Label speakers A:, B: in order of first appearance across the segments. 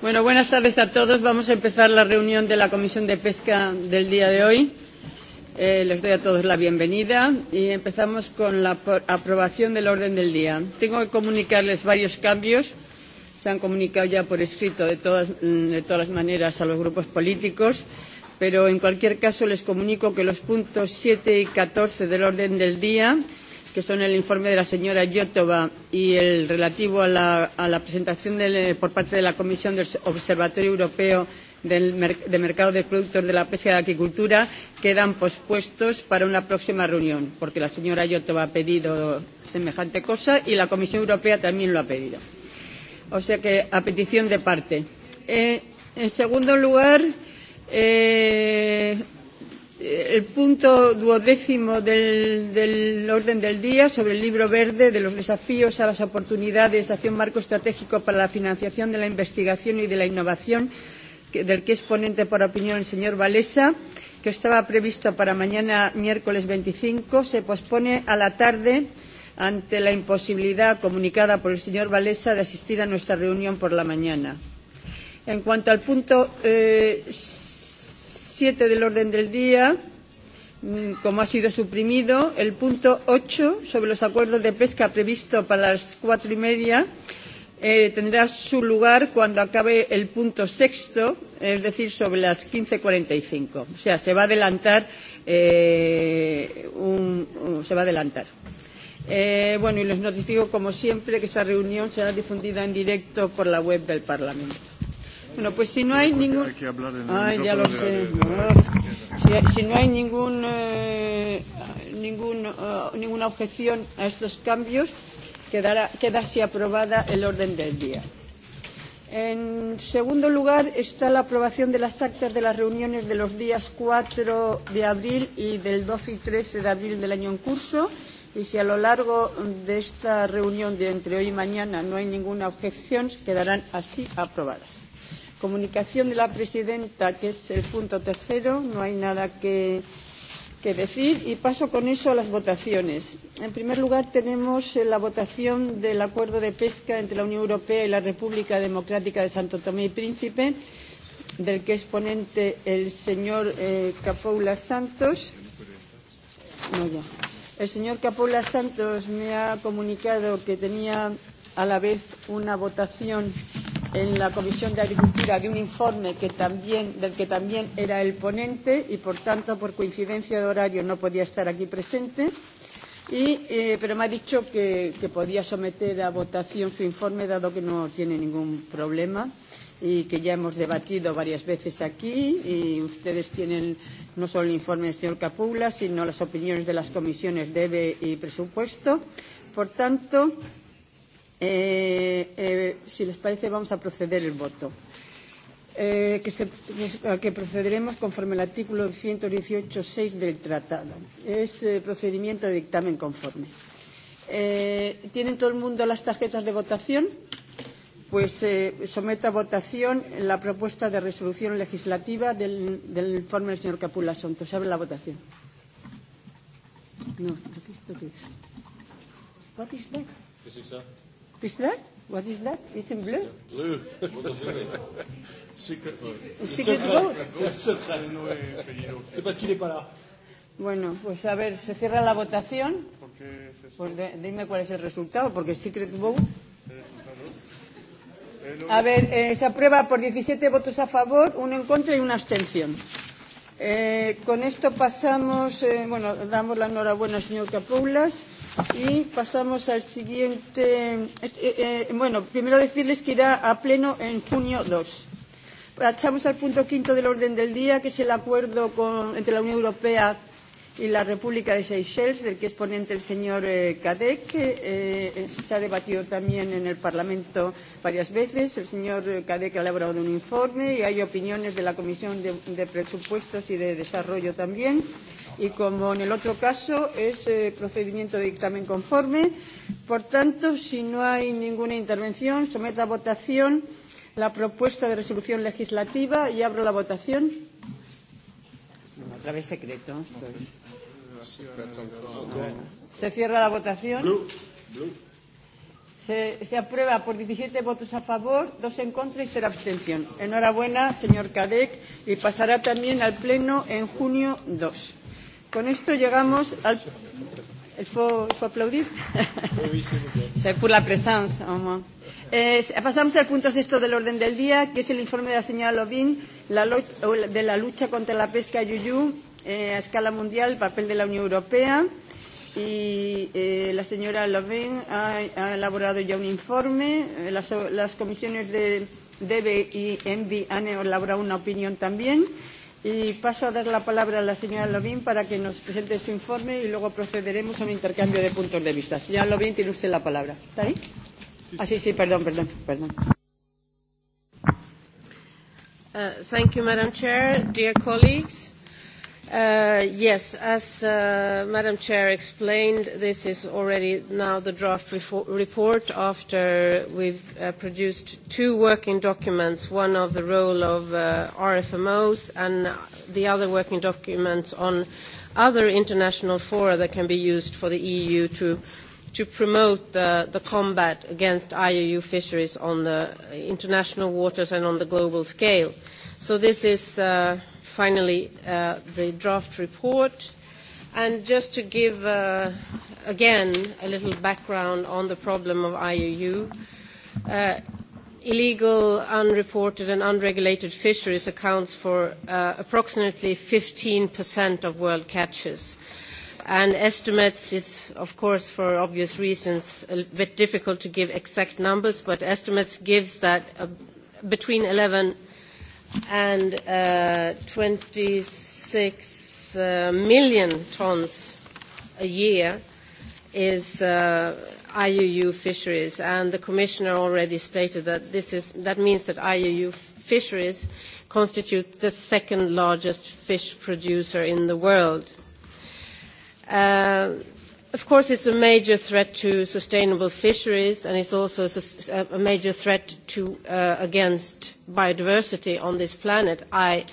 A: Bueno, buenas tardes a todos. Vamos a empezar la reunión de la Comisión de Pesca del día de hoy. Eh, les doy a todos la bienvenida y empezamos con la aprobación del orden del día. Tengo que comunicarles varios cambios. Se han comunicado ya por escrito de todas, de todas las maneras a los grupos políticos, pero en cualquier caso les comunico que los puntos 7 y 14 del orden del día que son el informe de la señora Yotova y el relativo a la, a la presentación de, por parte de la Comisión del Observatorio Europeo del Mer de Mercado de Productos de la Pesca y la Aquicultura quedan pospuestos para una próxima reunión, porque la señora Yotova ha pedido semejante cosa y la Comisión Europea también lo ha pedido. O sea que, a petición de parte. Eh, en segundo lugar, eh, el punto duodécimo del, del orden del día sobre el libro verde de los desafíos a las oportunidades de acción marco estratégico para la financiación de la investigación y de la innovación, que, del que es ponente por opinión el señor Valesa, que estaba previsto para mañana miércoles 25, se pospone a la tarde ante la imposibilidad comunicada por el señor Valesa de asistir a nuestra reunión por la mañana. En cuanto al punto eh, 7 del orden del día, como ha sido suprimido, el punto 8 sobre los acuerdos de pesca previsto para las cuatro y media eh, tendrá su lugar cuando acabe el punto sexto, es decir, sobre las 15.45. O sea, se va a adelantar. Eh, un, se va a adelantar. Eh, bueno, y les notifico, como siempre, que esta reunión será difundida en directo por la web del Parlamento. Bueno, pues si no hay ningún. Ay, ya lo sé. Si, si no hay ningún, eh, ningún, uh, ninguna objeción a estos cambios, quedará, queda así aprobada el orden del día. En segundo lugar está la aprobación de las actas de las reuniones de los días 4 de abril y del 12 y 13 de abril del año en curso. Y si a lo largo de esta reunión de entre hoy y mañana no hay ninguna objeción, quedarán así aprobadas. Comunicación de la presidenta, que es el punto tercero, no hay nada que, que decir y paso con eso a las votaciones. En primer lugar, tenemos la votación del acuerdo de pesca entre la Unión Europea y la República Democrática de Santo Tomé y Príncipe, del que es ponente el señor eh, Capoula Santos. No, ya. El señor Capoula Santos me ha comunicado que tenía a la vez una votación en la Comisión de Agricultura de un informe que también, del que también era el ponente y, por tanto, por coincidencia de horario no podía estar aquí presente. Y, eh, pero me ha dicho que, que podía someter a votación su informe, dado que no tiene ningún problema y que ya hemos debatido varias veces aquí y ustedes tienen no solo el informe del señor Capula, sino las opiniones de las comisiones debe y presupuesto. Por tanto, Eh, eh, si les parece, vamos a proceder el voto. Eh, que se, que procederemos conforme al artículo 118.6 del tratado. Es eh, procedimiento de dictamen conforme. Eh, ¿Tienen todo el mundo las tarjetas de votación? Pues eh, someto a votación la propuesta de resolución legislativa del, del informe del señor Capula Santo. Se abre la votación. No, ¿esto qué es? ¿Qué es eso? Is that? What is that? It's in blue?
B: Blue. Secret vote. Secret vote. C'est parce qu'il n'est pas là.
A: Bueno, pues a ver, se cierra la votación. Pues de, dime cuál es el resultado, porque Secret Vote. A ver, eh, se aprueba por 17 votos a favor, uno en contra y una abstención. Eh, con esto pasamos, eh, bueno, damos la enhorabuena al señor Capoulas y pasamos al siguiente. Eh, eh, bueno, primero decirles que irá a pleno en junio 2. Pasamos al punto quinto del orden del día, que es el acuerdo con, entre la Unión Europea y la República de Seychelles, del que es ponente el señor Cadec. se ha debatido también en el Parlamento varias veces. El señor Cadec ha elaborado un informe y hay opiniones de la Comisión de, Presupuestos y de Desarrollo también. Y como en el otro caso es procedimiento de dictamen conforme, por tanto, si no hay ninguna intervención, someto a votación la propuesta de resolución legislativa y abro la votación. A través secreto. Estoy. Se cierra la votación. Se, se aprueba por 17 votos a favor, dos en contra y cero abstención. Enhorabuena, señor Cadec, y pasará también al Pleno en junio 2. Con esto llegamos al. Il fue, aplaudir. Se pour la presencia. Eh, pasamos al punto sexto del orden del día, que es el informe de la señora Lobín la, lucha de la lucha contra la pesca yuyú eh, a escala mundial el papel de la Unión Europea y eh, la señora Lovén ha, ha elaborado ya un informe. Las, las comisiones de DEBE y ENVI han elaborado una opinión también. Y paso a dar la palabra a la señora Lovín para que nos presente su informe y luego procederemos a un intercambio de puntos de vista. Señora Lovín, tiene usted la palabra. ¿Está ahí? Ah, sí, sí, perdón, perdón, perdón.
C: Uh, thank you, Madam Chair, dear colleagues. Yes. As Madam Chair explained, this is already now the draft report after we've produced two working documents, one of the role of RFMOs and the other working document on other international fora that can be used for the EU to promote the combat against IUU fisheries on the international waters and on the global scale. So This is finally, uh, the draft report. And just to give, uh, again, a little background on the problem of IUU, uh, illegal, unreported and unregulated fisheries accounts for uh, approximately 15% of world catches. And estimates, it's of course for obvious reasons a bit difficult to give exact numbers, but estimates gives that uh, between 11 and uh, 26 million tons a year is uh, IUU fisheries, and the commissioner already stated that this is that means that IUU fisheries constitute the second largest fish producer in the world. Of course, it's a major threat to sustainable fisheries, and it's also a major threat to against biodiversity on this planet. I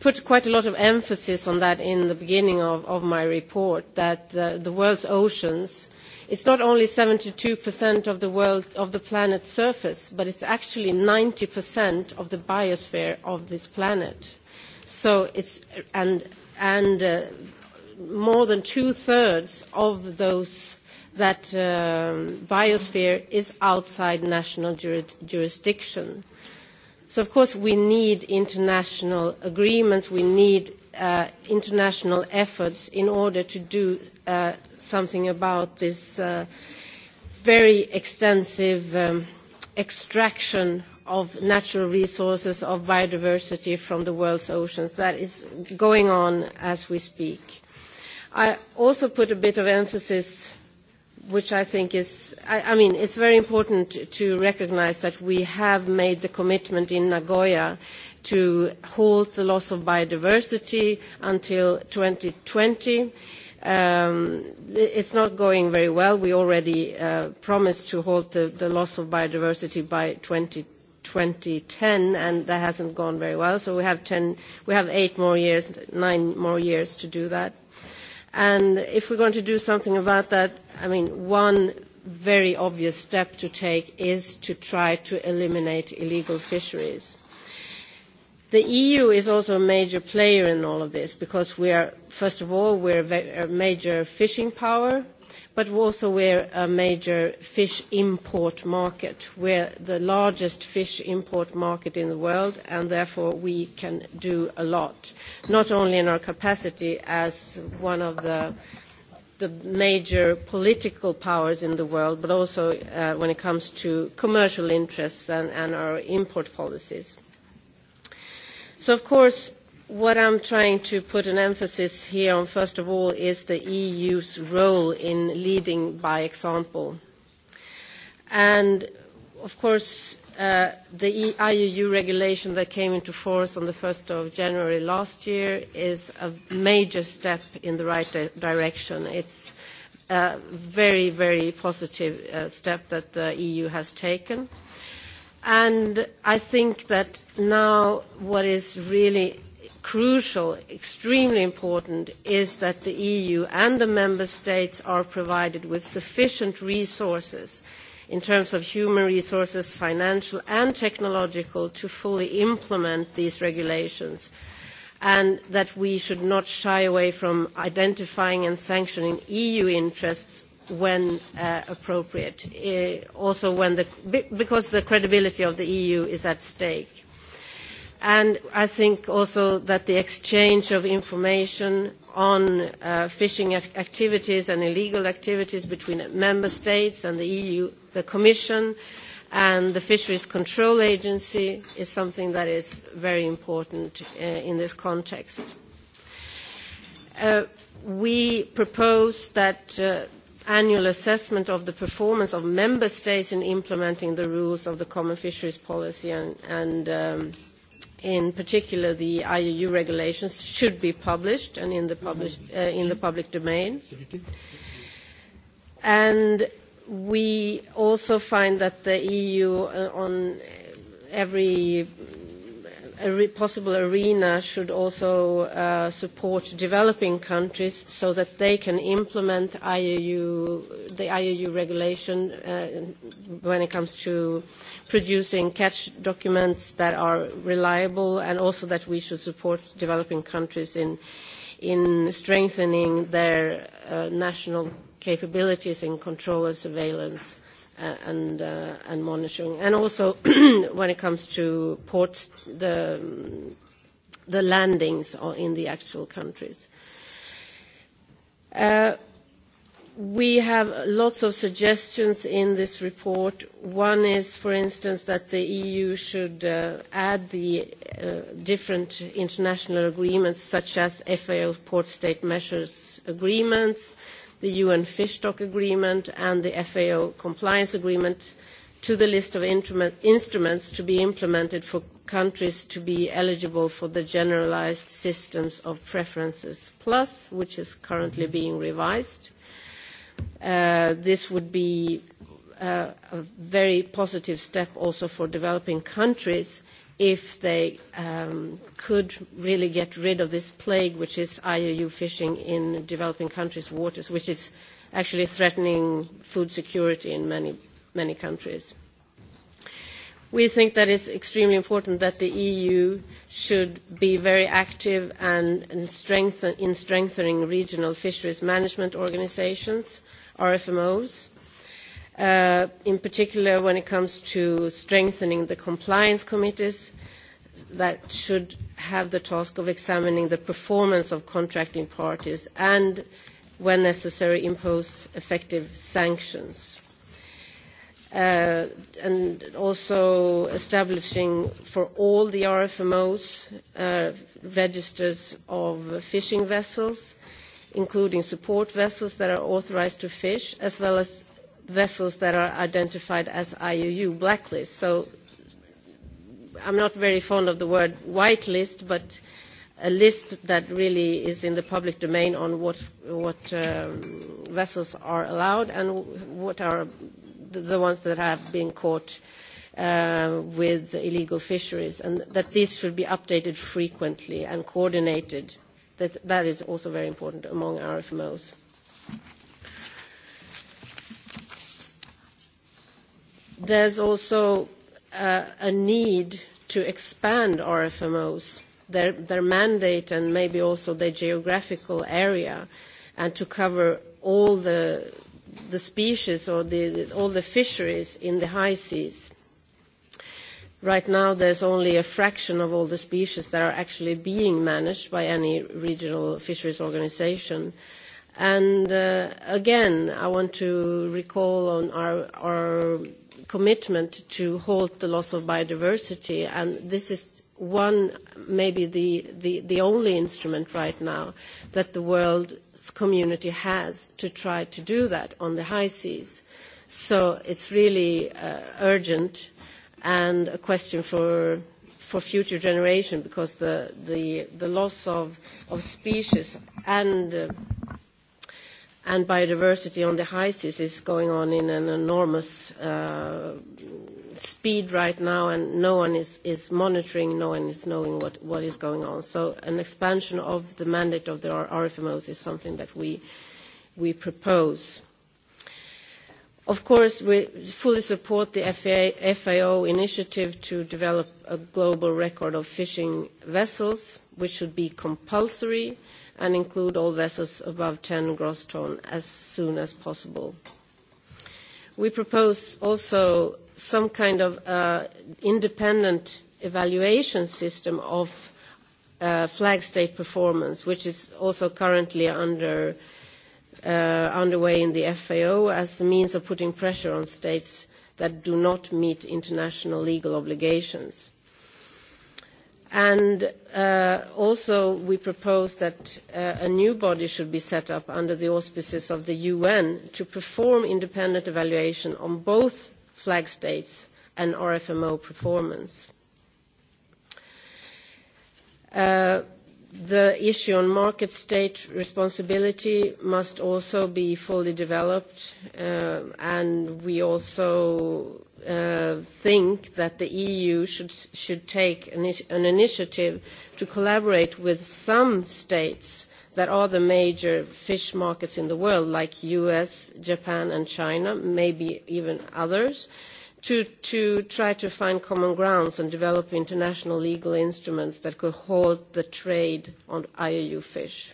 C: put quite a lot of emphasis on that in the beginning of my report, that the world's oceans, it's not only 72% of the world, of the planet's surface, but it's actually 90% of the biosphere of this planet. So it's, and more than two-thirds of those that biosphere is outside national jurisdiction. So Of course, we need international agreements. We need international efforts in order to do something about this very extensive extraction of natural resources, of biodiversity from the world's oceans that is going on as we speak. I also put a bit of emphasis, which I think is, I, I mean, it's very important to recognize that we have made the commitment in Nagoya to halt the loss of biodiversity until 2020. twenty. it's not going very well. We already promised to halt the, the loss of biodiversity by 2020. 2010, and that hasn't gone very well. So we have 10, we have eight more years, nine more years to do that. And if we're going to do something about that, I mean, one very obvious step to take is to try to eliminate illegal fisheries. The EU is also a major player in all of this because we are, first of all, are a major fishing power but also we're a major fish import market. We're the largest fish import market in the world, and therefore we can do a lot, not only in our capacity as one of the the major political powers in the world, but also uh, when it comes to commercial interests and, and our import policies. So, of course, What I'm trying to put an emphasis here on, first of all, is the EU's role in leading by example. And of course, the IUU regulation that came into force on the 1st of January last year is a major step in the right direction. It's a very, very positive step that the EU has taken. And I think that now what is really crucial, extremely important, is that the EU and the member states are provided with sufficient resources in terms of human resources, financial and technological, to fully implement these regulations, and that we should not shy away from identifying and sanctioning EU interests when appropriate, also when the, because the credibility of the EU is at stake And I think also that the exchange of information on fishing activities and illegal activities between member states and the EU, the Commission, and the Fisheries Control Agency is something that is very important in this context. We propose that annual assessment of the performance of member states in implementing the rules of the common fisheries policy and in particular the IUU regulations, should be published and in the, published, uh, in the public domain. And we also find that the EU on every a possible arena should also support developing countries so that they can implement the IUU regulation when it comes to producing catch documents that are reliable, and also that we should support developing countries in strengthening their national capabilities in control and surveillance and uh, and monitoring. And also when it comes to ports, the the landings are in the actual countries. we have lots of suggestions in this report. One is, for instance, that the EU should add the different international agreements, such as FAO port state measures agreements, the UN Fish Stock Agreement and the FAO Compliance Agreement to the list of instruments to be implemented for countries to be eligible for the generalised systems of preferences plus, which is currently being revised. this would be a very positive step also for developing countries if they um, could really get rid of this plague, which is IUU fishing in developing countries' waters, which is actually threatening food security in many, many countries. We think that it's extremely important that the EU should be very active and, and strengthen, in strengthening regional fisheries management organizations, RFMOs, in particular when it comes to strengthening the compliance committees that should have the task of examining the performance of contracting parties and, when necessary, impose effective sanctions. and also establishing for all the RFMOs registers of fishing vessels, including support vessels that are authorised to fish, as well as vessels that are identified as IUU blacklists. So I'm not very fond of the word whitelist, but a list that really is in the public domain on what, what um, vessels are allowed and what are the ones that have been caught uh, with illegal fisheries, and that this should be updated frequently and coordinated. That, that is also very important among our FMOs. There is also a need to expand RFMOs, their mandate, and maybe also their geographical area, and to cover all the species or all the fisheries in the high seas. Right now, there's only a fraction of all the species that are actually being managed by any regional fisheries organisation And Again, I want to recall on our commitment to halt the loss of biodiversity, and this is one, maybe the only instrument right now that the world's community has to try to do that on the high seas. So It's really urgent and a question for for future generation because the the the loss of of species and and biodiversity on the high seas is going on in an enormous speed right now, and no one is monitoring, no one is knowing what is going on. So an expansion of the mandate of the RFMOs is something that we propose. Of course, we fully support the FAO initiative to develop a global record of fishing vessels, which should be compulsory, and include all vessels above 10 gross ton as soon as possible. We propose also some kind of independent evaluation system of flag state performance, which is also currently underway in the FAO as a means of putting pressure on states that do not meet international legal obligations. And also we propose that a new body should be set up under the auspices of the UN to perform independent evaluation on both flag states and RFMO performance The issue on market state responsibility must also be fully developed, and we also think that the EU should take an initiative to collaborate with some states that are the major fish markets in the world, like U.S., Japan, and China, maybe even others, uh, to try to find common grounds and develop international legal instruments that could halt the trade on IUU fish.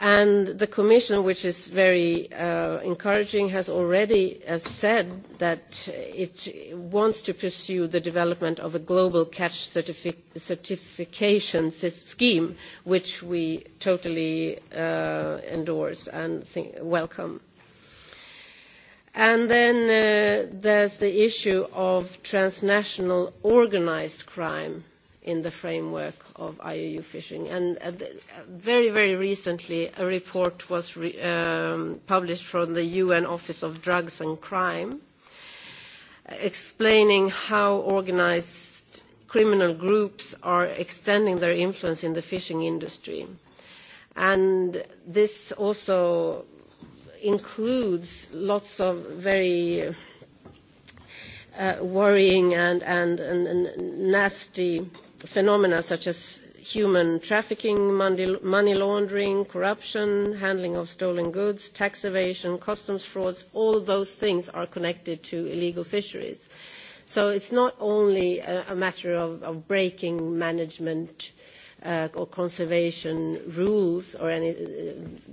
C: And the Commission, which is very encouraging, has already said that it wants to pursue the development of a global catch certification scheme, which we totally endorse and welcome And then there's the issue of transnational organised crime in the framework of IUU fishing. And very, recently, a report was re- published from the UN Office of Drugs and Crime explaining how organised criminal groups are extending their influence in the fishing industry. And this also includes lots of very worrying and, and, and nasty phenomena such as human trafficking, money laundering, corruption, handling of stolen goods, tax evasion, customs frauds, all those things are connected to illegal fisheries. So it's not only a, a matter of, of breaking management uh, or conservation rules or any.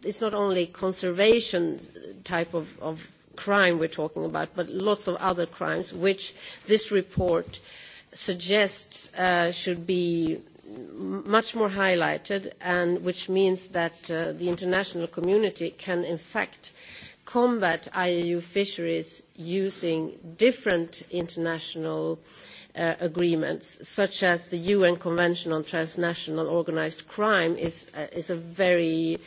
C: It's not only conservation type of, of crime we're talking about, but lots of other crimes which this report suggests uh should be much more highlighted, and which means that uh the international community can, in fact, combat IAU fisheries using different international uh, agreements, such as the UN Convention on Transnational Organised Crime, is, a very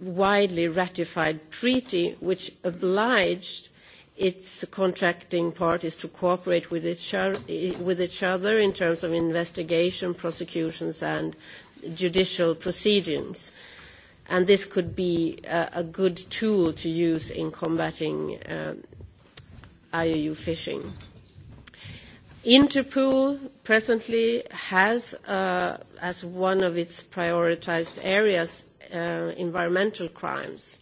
C: widely ratified treaty which obliged its contracting parties to cooperate with each, other in terms of investigation, prosecutions, and judicial proceedings. And this could be a, good tool to use in combating IUU fishing. Interpol presently has, as one of its prioritised areas, environmental crimes.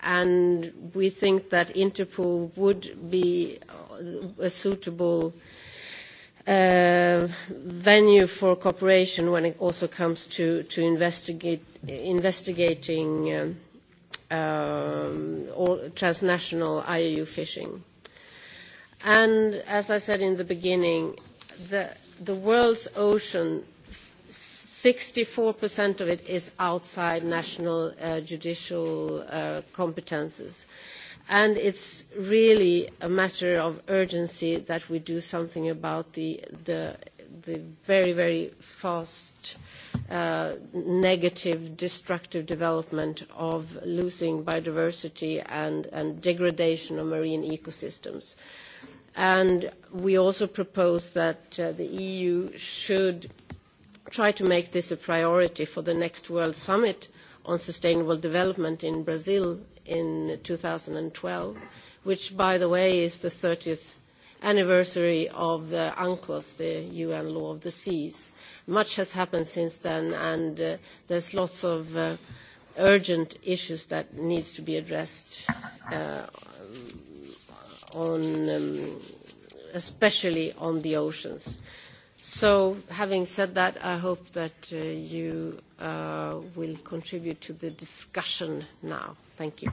C: And we think that Interpol would be a suitable venue for cooperation when it also comes to, to investigate, investigating um, or transnational IUU fishing And as I said in the beginning, the, the world's ocean, 64% of it is outside national uh, judicial uh, competences. And it's really a matter of urgency that we do something about the, the, the very, very fast uh, negative, destructive development of losing biodiversity and, and degradation of marine ecosystems. Uh, And we also propose that the EU should try to make this a priority for the next World Summit on Sustainable Development in Brazil in twelve, which, by the way, is the 30th anniversary of UNCLOS, the UN Law of the Seas. Much has happened since then, and uh, there's lots of urgent issues that need to be addressed on especially on the oceans. So having said that, I hope that you will contribute to the discussion now.
A: Thank you.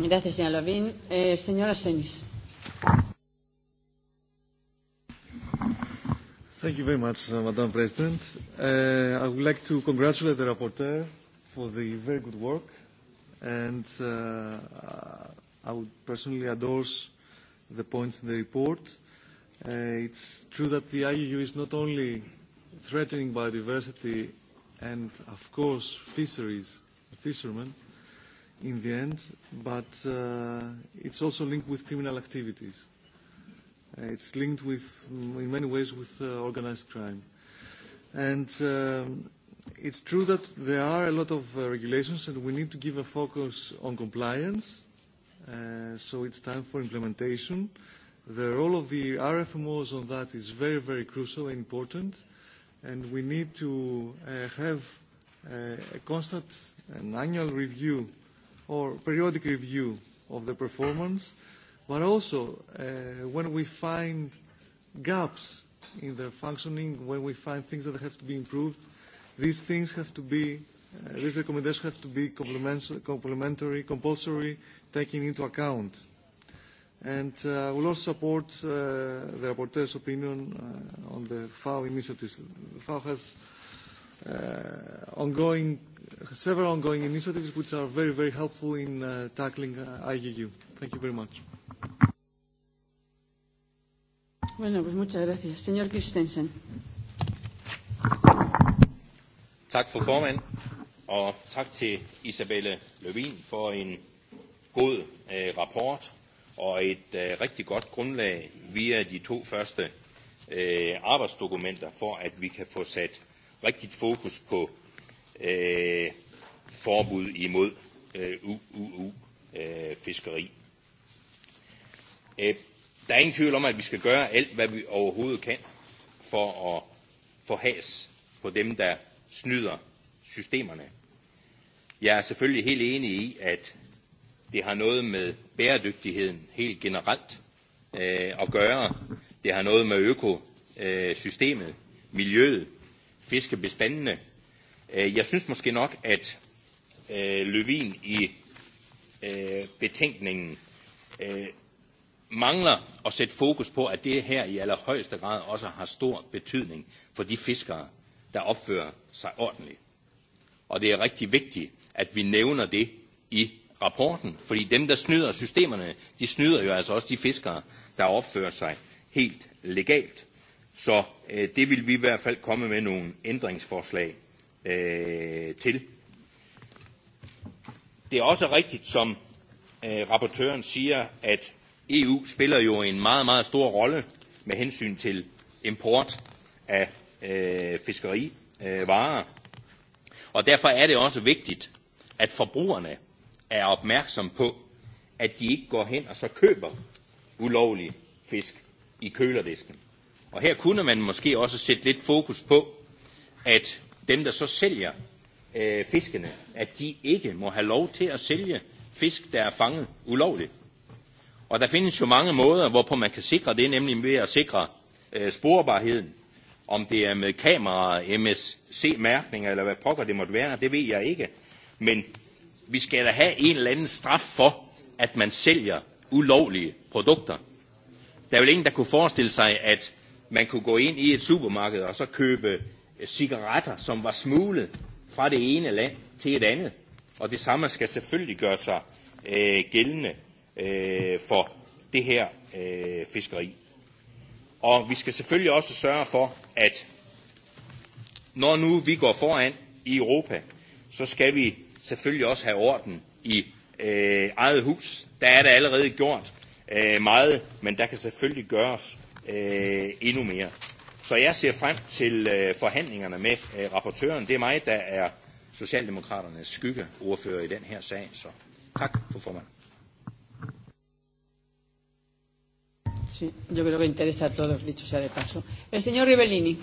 A: Gracias, señora Lavín. Eh, señora Senis.
D: Thank you very much, Madam President. Uh, I would like to congratulate the rapporteur for the very good work and uh, I would personally endorse the points in the report. Uh, it's true that the IUU is not only threatening biodiversity and, of course, fisheries, fishermen, in the end, but uh, it's also linked with criminal activities. Uh, it's linked with, in many ways, with uh, organized crime. And um, It's true that there are a lot of regulations, and we need to give a focus on compliance. So it's time for implementation. The role of the RFMOs on that is very, very crucial and important, and we need to have a constant and annual review or periodic review of the performance. But also, when we find gaps in their functioning, when we find things that have to be improved, These things have to be, uh, these recommendations have to be complementary, compulsory, taking into account. And uh, we'll also support uh, the rapporteur's opinion uh, on the FAO initiatives. The FAO has uh, ongoing, several ongoing initiatives which are very, very helpful in uh, tackling uh, IUU. Thank you very much.
A: Bueno, pues muchas gracias. Señor Christensen.
E: Tak for formand, og tak til Isabelle Lövin for en god øh, rapport og et øh, rigtig godt grundlag via de to første øh, arbejdsdokumenter for, at vi kan få sat rigtigt fokus på øh, forbud imod UUU-fiskeri. Øh, der er ingen tvivl om, at vi skal gøre alt, hvad vi overhovedet kan for at få has på dem, der snyder systemerne. Jeg er selvfølgelig helt enig i, at det har noget med bæredygtigheden helt generelt at gøre. Det har noget med økosystemet, miljøet, fiskebestandene. Jeg synes måske nok, at Løvin i betænkningen mangler at sætte fokus på, at det her i allerhøjeste grad også har stor betydning for de fiskere, der opfører sig ordentligt. Og det er rigtig vigtigt, at vi nævner det i rapporten, fordi dem, der snyder systemerne, de snyder jo altså også de fiskere, der opfører sig helt legalt. Så øh, det vil vi i hvert fald komme med nogle ændringsforslag øh, til. Det er også rigtigt, som øh, rapportøren siger, at EU spiller jo en meget, meget stor rolle med hensyn til import af øh, fiskerivarer. Og derfor er det også vigtigt, at forbrugerne er opmærksom på, at de ikke går hen og så køber ulovlig fisk i kølerdisken. Og her kunne man måske også sætte lidt fokus på, at dem, der så sælger øh, fiskene, at de ikke må have lov til at sælge fisk, der er fanget ulovligt. Og der findes jo mange måder, hvorpå man kan sikre det, nemlig ved at sikre øh, sporbarheden Om det er med kamera, MSC-mærkninger eller hvad pokker det måtte være, det ved jeg ikke. Men vi skal da have en eller anden straf for, at man sælger ulovlige produkter. Der er vel ingen, der kunne forestille sig, at man kunne gå ind i et supermarked og så købe cigaretter, som var smuglet fra det ene land til et andet. Og det samme skal selvfølgelig gøre sig øh, gældende øh, for det her øh, fiskeri. Og vi skal selvfølgelig også sørge for, at når nu vi går foran i Europa, så skal vi selvfølgelig også have orden i øh, eget hus. Der er der allerede gjort øh, meget, men der kan selvfølgelig gøres øh, endnu mere. Så jeg ser frem til øh, forhandlingerne med øh, rapportøren. Det er mig, der er Socialdemokraternes skyggeordfører i den her sag, så tak for formanden.
A: Sí, yo creo que interesa a todos, dicho sea de paso. El señor Rivellini.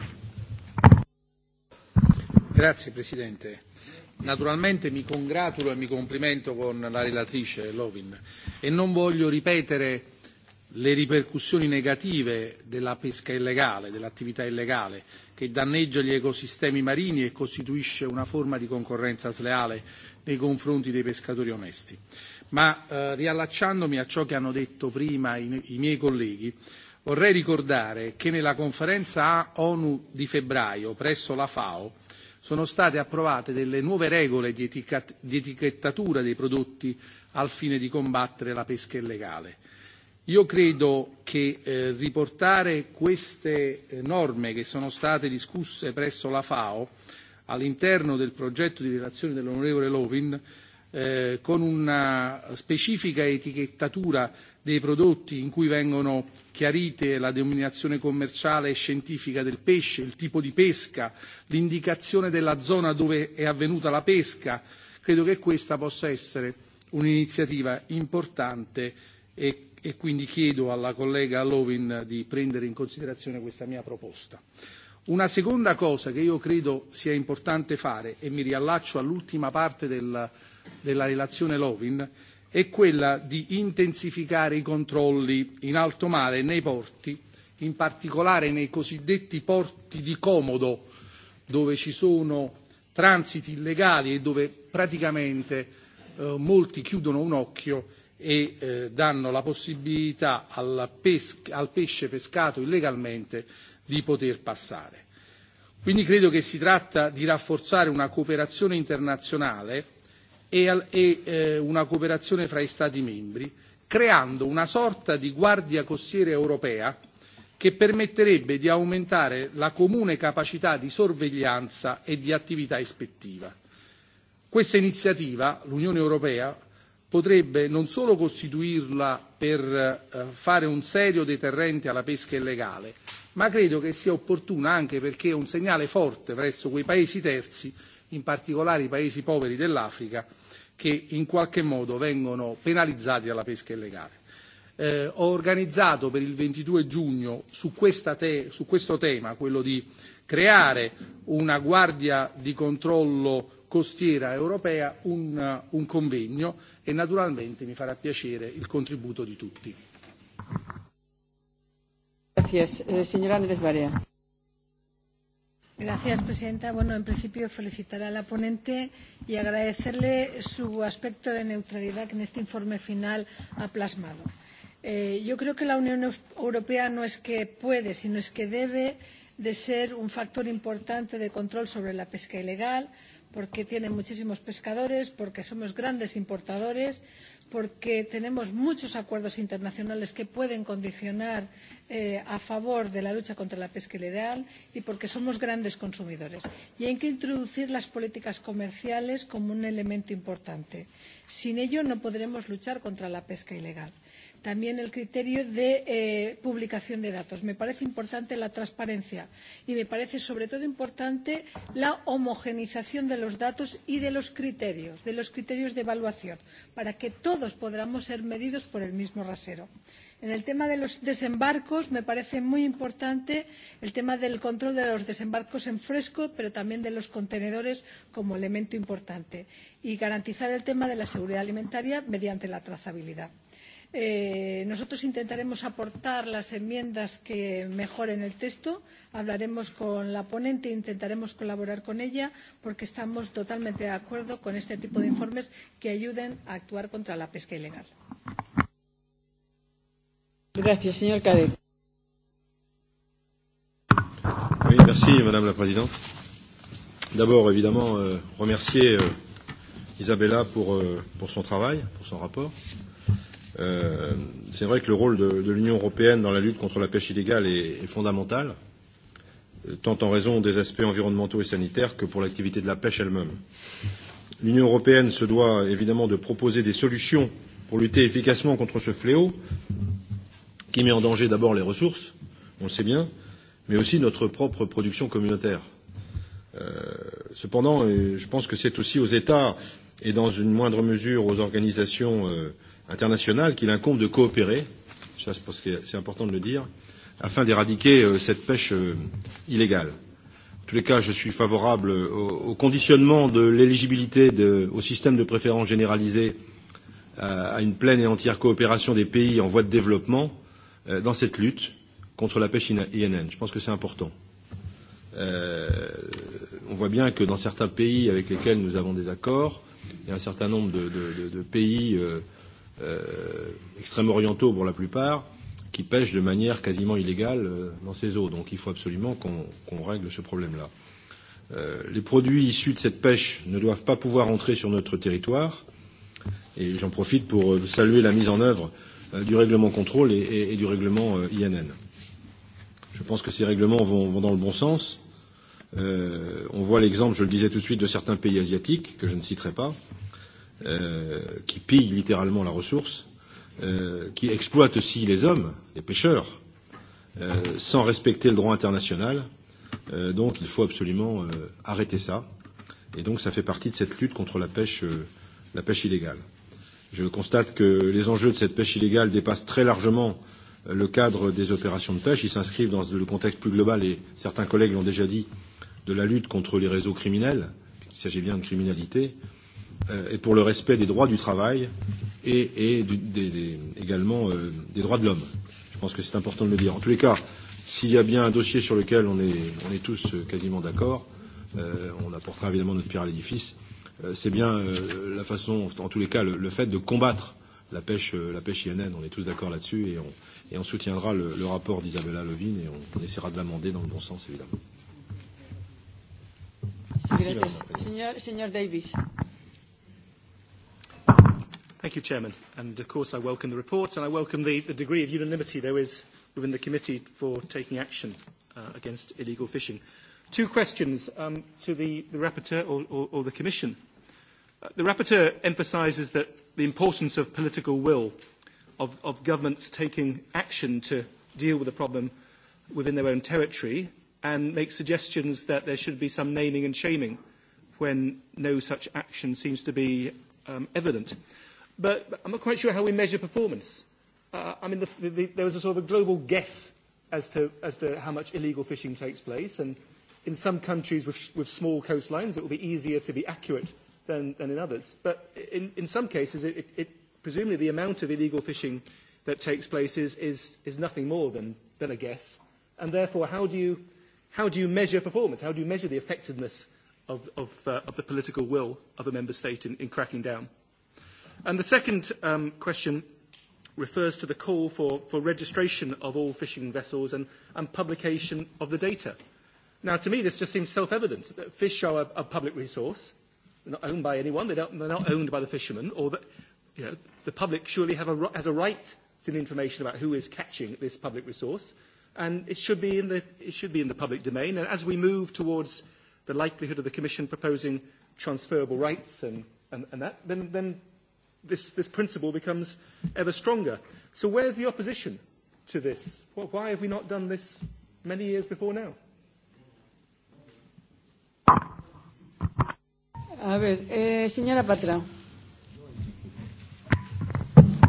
F: Grazie Presidente. Naturalmente mi congratulo e mi complimento con la relatrice Lovin e non voglio ripetere le ripercussioni negative della pesca illegale, dell'attività illegale, che danneggia gli ecosistemi marini e costituisce una forma di concorrenza sleale nei confronti dei pescatori onesti ma riallacciandomi a ciò che hanno detto prima i miei colleghi, vorrei ricordare che nella conferenza ONU di febbraio presso la FAO sono state approvate delle nuove regole di etichettatura dei prodotti al fine di combattere la pesca illegale. Io credo che riportare queste norme che sono state discusse presso la FAO all'interno del progetto di relazione dell'onorevole Lovin eh, con una specifica etichettatura dei prodotti in cui vengono chiarite la denominazione commerciale e scientifica del pesce, il tipo di pesca, l'indicazione della zona dove è avvenuta la pesca, credo che questa possa essere un'iniziativa importante e, e quindi chiedo alla collega Lovin di prendere in considerazione questa mia proposta. Una seconda cosa che io credo sia importante fare, e mi riallaccio all'ultima parte del, della relazione Lovin è quella di intensificare i controlli in alto mare nei porti, in particolare nei cosiddetti porti di comodo, dove ci sono transiti illegali e dove praticamente molti chiudono un occhio e danno la possibilità al pesce pescato illegalmente di poter passare. Quindi credo che si tratta di rafforzare una cooperazione internazionale e, una cooperazione fra gli Stati membri, creando una sorta di guardia costiera europea che permetterebbe di aumentare la comune capacità di sorveglianza e di attività ispettiva. Questa iniziativa l'Unione Europea potrebbe non solo costituirla per fare un serio deterrente alla pesca illegale, ma credo che sia opportuna anche perché è un segnale forte presso quei paesi terzi in particolare i paesi poveri dell'Africa, che in qualche modo vengono penalizzati dalla pesca illegale. Eh, ho organizzato per il 22 giugno su, te- su questo tema, quello di creare una guardia di controllo costiera europea, un, un convegno e naturalmente mi farà piacere il contributo di tutti.
A: Gracias. Eh, señora Andrés Barea.
G: Señora presidenta. en principio, felicitar a la ponente y agradecerle su aspecto de neutralidad que en este informe final ha plasmado. yo creo que la Unión Europea no es que puede, sino es que debe de ser un factor importante de control sobre la pesca ilegal, porque tiene muchísimos pescadores, porque somos grandes importadores, porque tenemos muchos acuerdos internacionales que pueden condicionar a favor de la lucha contra la pesca ilegal y porque somos grandes consumidores. Y hay que introducir las políticas comerciales como un elemento importante. Sin ello no podremos luchar contra la pesca ilegal también el criterio de publicación de datos. Me parece importante la transparencia y me parece sobre todo importante la homogeneización de los datos y de los criterios, de los criterios de evaluación, para que todos podamos ser medidos por el mismo rasero. En el tema de los desembarcos, me parece muy importante el tema del control de los desembarcos en fresco, pero también de los contenedores como elemento importante, y garantizar el tema de la seguridad alimentaria mediante la trazabilidad nosotros intentaremos aportar las enmiendas que mejoren el texto. Hablaremos con la ponente, e intentaremos colaborar con ella, porque estamos totalmente de acuerdo con este tipo de informes que ayuden a actuar contra la pesca ilegal.
H: Madame la Présidente. D'abord, évidemment, remercier Isabella pour, son travail, pour son rapport. Euh, c'est vrai que le rôle de, de l'Union européenne dans la lutte contre la pêche illégale est, est fondamental, tant en raison des aspects environnementaux et sanitaires que pour l'activité de la pêche elle-même. L'Union européenne se doit évidemment de proposer des solutions pour lutter efficacement contre ce fléau qui met en danger d'abord les ressources, on le sait bien, mais aussi notre propre production communautaire. Cependant, je pense que c'est aussi aux États et dans une moindre mesure aux organisations euh, internationale qu'il incombe de coopérer, ça c'est parce que c'est important de le dire, afin d'éradiquer cette pêche illégale. En tous les cas, je suis favorable au, conditionnement de l'éligibilité au système de préférence généralisée à une pleine et entière coopération des pays en voie de développement dans cette lutte contre la pêche INN. Je pense que c'est important. Euh, on voit bien que dans certains pays avec lesquels nous avons des accords, il y a un certain nombre de, de, de, de pays euh, euh, extrêmes orientaux pour la plupart, qui pêchent de manière quasiment illégale euh, dans ces eaux. Donc il faut absolument qu'on qu règle ce problème-là. Euh, les produits issus de cette pêche ne doivent pas pouvoir entrer sur notre territoire. Et j'en profite pour euh, saluer la mise en œuvre euh, du règlement contrôle et, et, et du règlement euh, INN. Je pense que ces règlements vont, vont dans le bon sens. Euh, on voit l'exemple, je le disais tout de suite, de certains pays asiatiques, que je ne citerai pas, euh, qui pillent littéralement la ressource, euh, qui exploitent aussi les hommes, les pêcheurs, euh, sans respecter le droit international. Euh, donc il faut absolument euh, arrêter ça. Et donc ça fait partie de cette lutte contre la pêche, euh, la pêche illégale. Je constate que les enjeux de cette pêche illégale dépassent très largement le cadre des opérations de pêche. Ils s'inscrivent dans le contexte plus global, et certains collègues l'ont déjà dit, de la lutte contre les réseaux criminels. qu'il s'agit bien de criminalité. Euh, et pour le respect des droits du travail et, et du, des, des, également euh, des droits de l'homme. Je pense que c'est important de le dire. En tous les cas, s'il y a bien un dossier sur lequel on est, on est tous quasiment d'accord, euh, on apportera évidemment notre pierre à l'édifice, euh, c'est bien euh, la façon, en tous les cas, le, le fait de combattre la pêche, euh, la pêche INN. On est tous d'accord là-dessus et on, et on soutiendra le, le rapport d'Isabella Levin et on, on essaiera de l'amender dans le bon sens, évidemment. Merci, Madame
A: la Présidente.
I: Thank you, Chairman. And of course, I welcome the report and I welcome the, the degree of unanimity there is within the committee for taking action uh, against illegal fishing. Two questions um, to the, the rapporteur or, or, or the Commission. Uh, the rapporteur emphasises that the importance of political will, of, of governments taking action to deal with the problem within their own territory, and makes suggestions that there should be some naming and shaming when no such action seems to be um, evident. But I'm not quite sure how we measure performance. Uh, I mean, the, the, there was a sort of a global guess as to, as to how much illegal fishing takes place. And in some countries with, with small coastlines, it will be easier to be accurate than, than in others. But in, in some cases, it, it, it, presumably the amount of illegal fishing that takes place is, is, is nothing more than, than a guess. And therefore, how do, you, how do you measure performance? How do you measure the effectiveness of, of, uh, of the political will of a member state in, in cracking down? And the second um, question refers to the call for, for registration of all fishing vessels and, and publication of the data. Now, to me, this just seems self-evident that fish are a, a public resource. They're not owned by anyone. They don't, they're not owned by the fishermen. Or that, you know, the public surely have a, has a right to the information about who is catching this public resource. And it should, be in the, it should be in the public domain. And as we move towards the likelihood of the Commission proposing transferable rights and, and, and that, then, then this, this principle becomes ever stronger. So where's the opposition to this? Well, Why have we not done this many years before now? A ver, eh,
J: señora Patrão.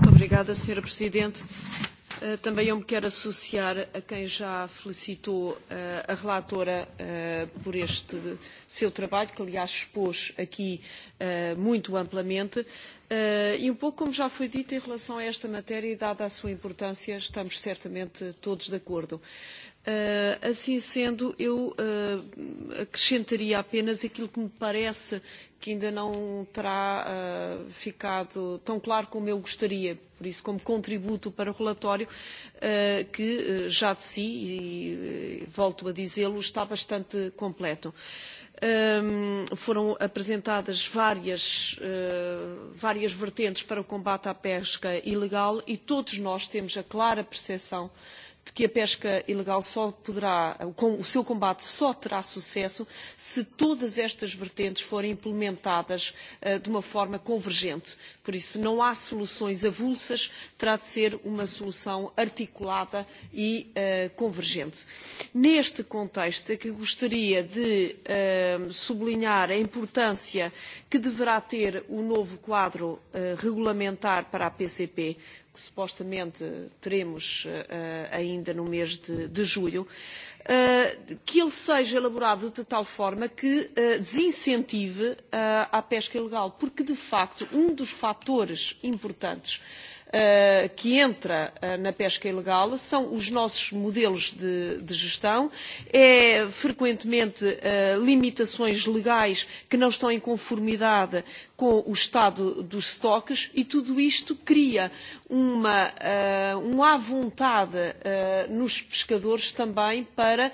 J: obrigada, Sra. Presidente. Também eu me quero associar a quem já felicitou a relatora por este seu trabalho, que aliás expôs aqui muito amplamente. E um pouco como já foi dito em relação a esta matéria e dada a sua importância, estamos certamente todos de acordo assim sendo, eu acrescentaria apenas aquilo que me parece que ainda não terá ficado tão claro como eu gostaria, por isso como contributo para o relatório, que já de si, e volto a dizê-lo, está bastante completo foram apresentadas várias, várias vertentes para o combate à pesca ilegal e todos nós temos a clara percepção uh, de que a pesca ilegal só poderá, o seu combate só terá sucesso se todas estas vertentes forem implementadas de uma forma convergente. Por isso, não há soluções avulsas, terá de ser uma solução articulada e convergente. Neste contexto, é que gostaria de sublinhar a importância que deverá ter o novo quadro regulamentar para a PCP, que supostamente teremos ainda no mês de, julho, que ele seja elaborado de tal forma que desincentive a pesca ilegal, porque de facto um dos fatores importantes uh, que entra na pesca ilegal são os nossos modelos de, gestão, é frequentemente limitações legais que não estão em conformidade com o estado dos estoques e tudo isto cria uma, à vontade nos pescadores também para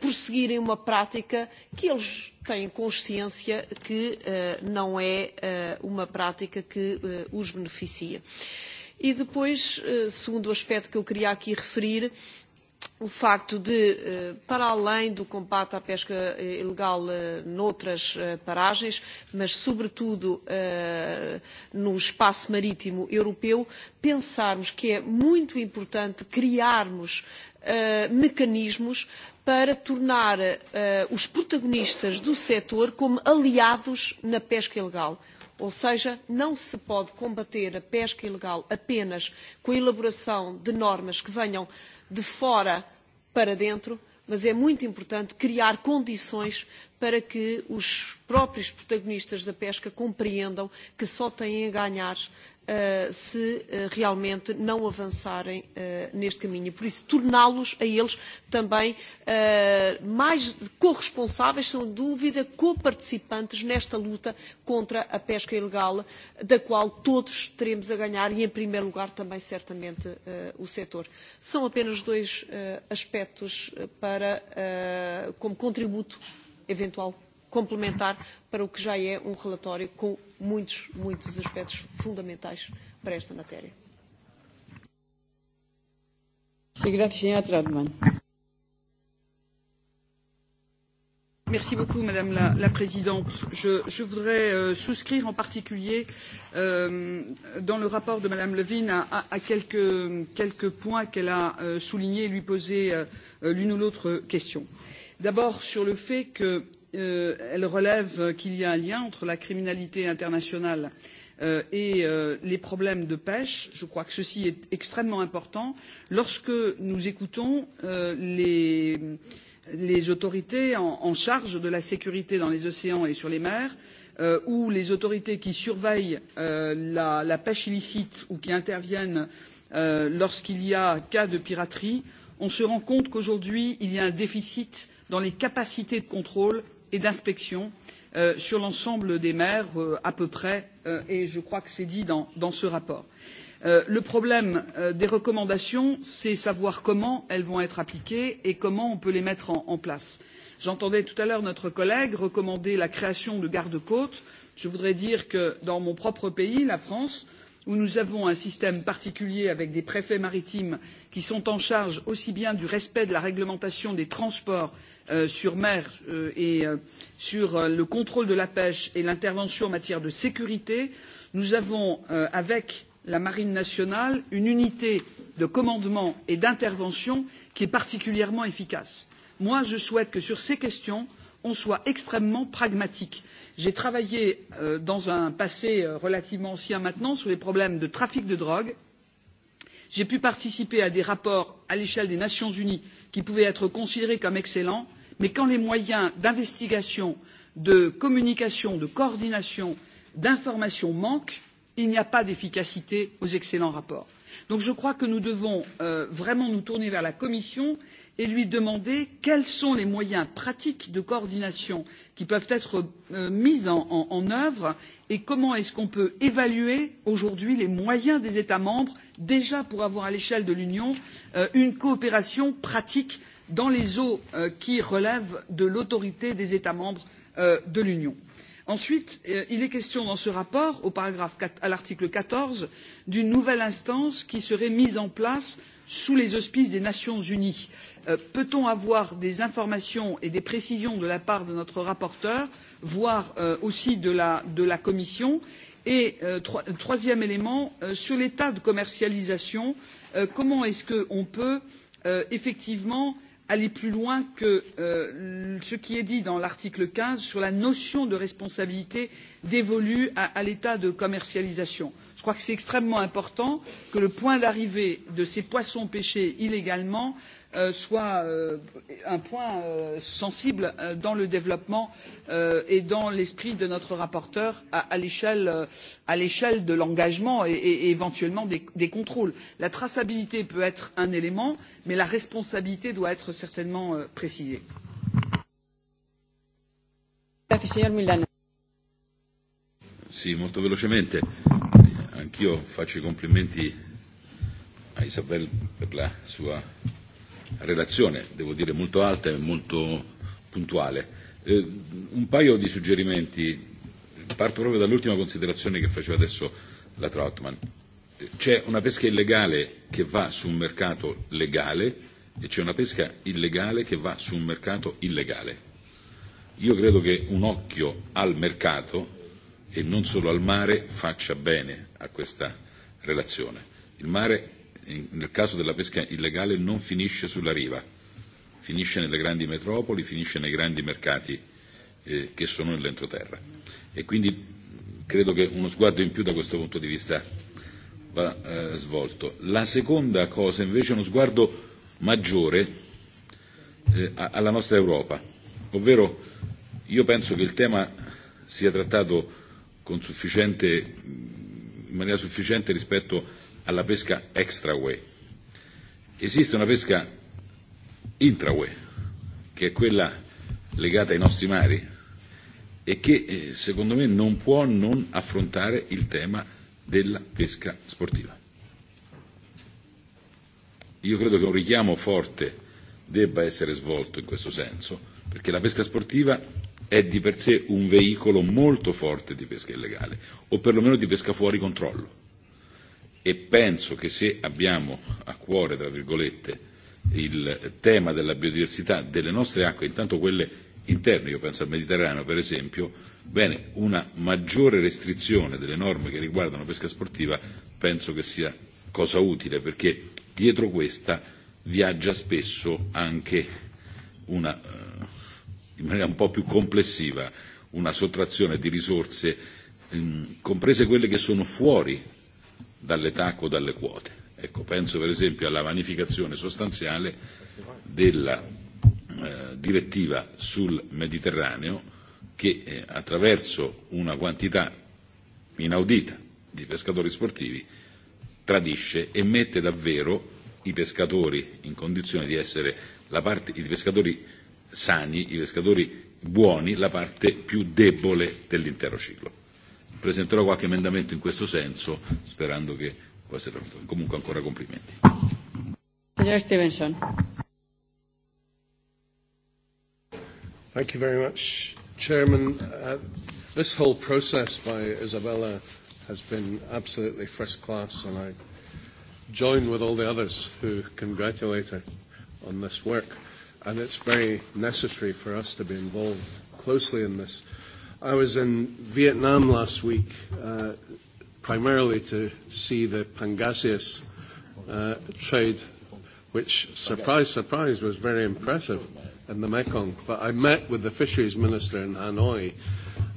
J: prosseguirem uma prática que eles têm consciência que não é uma prática que os beneficia. Uh, E depois, segundo aspecto que eu queria aqui referir, o facto de, para além do combate à pesca ilegal noutras paragens, mas sobretudo no espaço marítimo europeu, pensarmos que é muito importante criarmos mecanismos para tornar os protagonistas do setor como aliados na pesca ilegal Ou seja, não se pode combater a pesca ilegal apenas com a elaboração de normas que venham de fora para dentro, mas é muito importante criar condições para que os próprios protagonistas da pesca compreendam que só têm a ganhar se realmente não avançarem neste caminho. E por isso, torná-los a eles também mais corresponsáveis, sem dúvida, coparticipantes nesta luta contra a pesca ilegal, da qual todos teremos a ganhar e, em primeiro lugar, também certamente o setor. São apenas dois aspectos para, como contributo eventual complementar para o que já é um relatório com muitos, muitos aspectos fundamentais para esta matéria.
K: Merci beaucoup, Madame la, la Présidente. Je, je voudrais euh, souscrire en particulier euh, dans le rapport de Madame Levine à, à, à quelques, quelques points qu'elle a euh, soulignés et lui poser euh, l'une ou l'autre question. D'abord sur le fait que euh, elle relève qu'il y a un lien entre la criminalité internationale et les problèmes de pêche. Je crois que ceci est extrêmement important. Lorsque nous écoutons les, autorités en, charge de la sécurité dans les océans et sur les mers, ou les autorités qui surveillent la, pêche illicite ou qui interviennent lorsqu'il y a cas de piraterie, on se rend compte qu'aujourd'hui, il y a un déficit dans les capacités de contrôle et d'inspection sur l'ensemble des mers à peu près et je crois que c'est dit dans ce rapport. le problème des recommandations c'est de savoir comment elles vont être appliquées et comment on peut les mettre en place. j'entendais tout à l'heure notre collègue recommander la création de garde côtes je voudrais dire que dans mon propre pays la france où nous avons un système particulier avec des préfets maritimes qui sont en charge aussi bien du respect de la réglementation des transports sur mer et sur le contrôle de la pêche et l'intervention en matière de sécurité nous avons avec la marine nationale une unité de commandement et d'intervention qui est particulièrement efficace. je souhaite que sur ces questions on soit extrêmement pragmatique. J'ai travaillé dans un passé relativement ancien maintenant sur les problèmes de trafic de drogue. J'ai pu participer à des rapports à l'échelle des Nations Unies qui pouvaient être considérés comme excellents, mais quand les moyens d'investigation, de communication, de coordination, d'information manquent, il n'y a pas d'efficacité aux excellents rapports Donc je crois que nous devons vraiment nous tourner vers la Commission et lui demander quels sont les moyens pratiques de coordination qui peuvent être mis en, œuvre et comment est-ce qu'on peut évaluer aujourd'hui les moyens des États membres déjà pour avoir à l'échelle de l'Union une coopération pratique dans les eaux qui relèvent de l'autorité des États membres de l'Union ensuite il est question dans ce rapport à l'article quatorze d'une nouvelle instance qui serait mise en place sous les auspices des nations unies. peut on avoir des informations et des précisions de la part de notre rapporteur voire aussi de la commission? et troisième élément sur l'état de commercialisation comment est ce peut effectivement aller plus loin que ce qui est dit dans l'article quinze sur la notion de responsabilité dévolue à, l'état de commercialisation. Je crois que c'est extrêmement important que le point d'arrivée de ces poissons pêchés illégalement soit un point sensible dans le développement et dans l'esprit de notre rapporteur à, l'échelle de l'engagement et, éventuellement des, contrôles. La traçabilité peut être un élément, mais la responsabilité doit être certainement précisée. Sì,
L: molto velocemente. Anch'io faccio i complimenti a Isabel per la sua relazione, devo dire molto alta e molto puntuale. Eh, un paio di suggerimenti. Parto proprio dall'ultima considerazione che faceva adesso la Trautmann. C'è una pesca illegale che va su un mercato legale e c'è una pesca illegale che va su un mercato illegale. Io credo che un occhio al mercato e non solo al mare faccia bene a questa relazione. Il mare nel caso della pesca illegale non finisce sulla riva, finisce nelle grandi metropoli, finisce nei grandi mercati eh, che sono nell'entroterra. E quindi credo che uno sguardo in più da questo punto di vista va eh, svolto. La seconda cosa invece è uno sguardo maggiore eh, alla nostra Europa, ovvero io penso che il tema sia trattato con sufficiente, in maniera sufficiente rispetto alla pesca extra UE. Esiste una pesca intra UE, che è quella legata ai nostri mari e che secondo me non può non affrontare il tema della pesca sportiva. Io credo che un richiamo forte debba essere svolto in questo senso, perché la pesca sportiva è di per sé un veicolo molto forte di pesca illegale o perlomeno di pesca fuori controllo e penso che se abbiamo a cuore, tra virgolette, il tema della biodiversità delle nostre acque, intanto quelle interne, io penso al Mediterraneo per esempio, bene, una maggiore restrizione delle norme che riguardano pesca sportiva penso che sia cosa utile perché dietro questa viaggia spesso anche una in maniera un po' più complessiva una sottrazione di risorse, comprese quelle che sono fuori dalle TAC o dalle quote. Ecco, penso per esempio alla vanificazione sostanziale della eh, direttiva sul Mediterraneo che eh, attraverso una quantità inaudita di pescatori sportivi tradisce e mette davvero i pescatori in condizione di essere la parte, i pescatori sani, i pescatori buoni, la parte più debole dell'intero ciclo. Presenterò qualche emendamento in questo senso, sperando che possa essere fatto. Comunque ancora complimenti.
A: Signor Stevenson.
B: Thank you very much, Chairman. Uh, this whole process by Isabella has been absolutely first class, and I join with all the others who congratulate her on this work and it's very necessary for us to be involved closely in this. I was in Vietnam last week, uh, primarily to see the Pangasius uh, trade, which, surprise, surprise, was very impressive in the Mekong. But I met with the fisheries minister in Hanoi,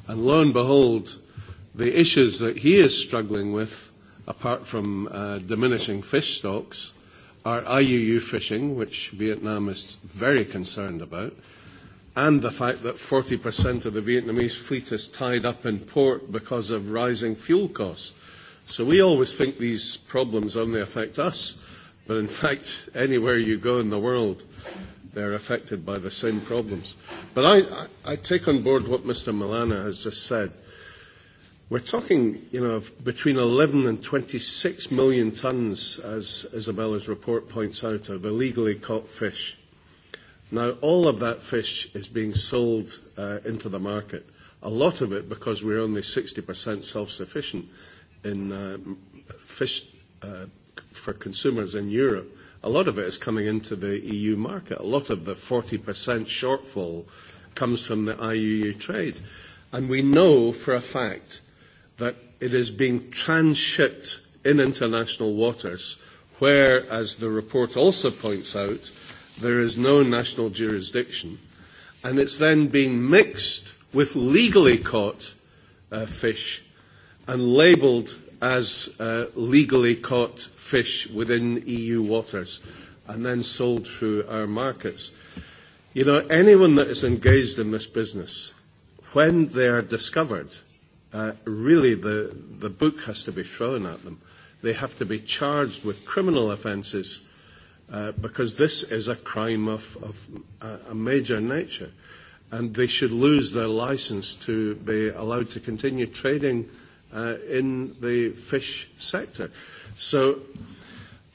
B: and lo and behold, the issues that he is struggling with, apart from uh, diminishing fish stocks, are IUU fishing, which Vietnam is very concerned about, and the fact that 40% of the Vietnamese fleet is tied up in port because of rising fuel costs. So we always think these problems only affect us, but in fact, anywhere you go in the world, they're affected by the same problems. But I I, I take on board what Mr. Milana has just said. We're talking, you know, of between 11 and 26 million tons, as Isabella's report points out, of illegally caught fish. Now, all of that fish is being sold uh, into the market. A lot of it because we're only 60% self-sufficient in uh, fish uh, for consumers in Europe. A lot of it is coming into the EU market. A lot of the 40% shortfall comes from the IUU trade. And we know for a fact that it is being transshipped in international waters, where, as the report also points out, there is no national jurisdiction. And it's then being mixed with legally caught uh, fish and labelled as uh, legally caught fish within EU waters and then sold through our markets. You know, anyone that is engaged in this business, when they are discovered, uh, really the, the book has to be thrown at them. They have to be charged with criminal offences uh, because this is a crime of, of uh, a major nature. And they should lose their license to be allowed to continue trading uh, in the fish sector. So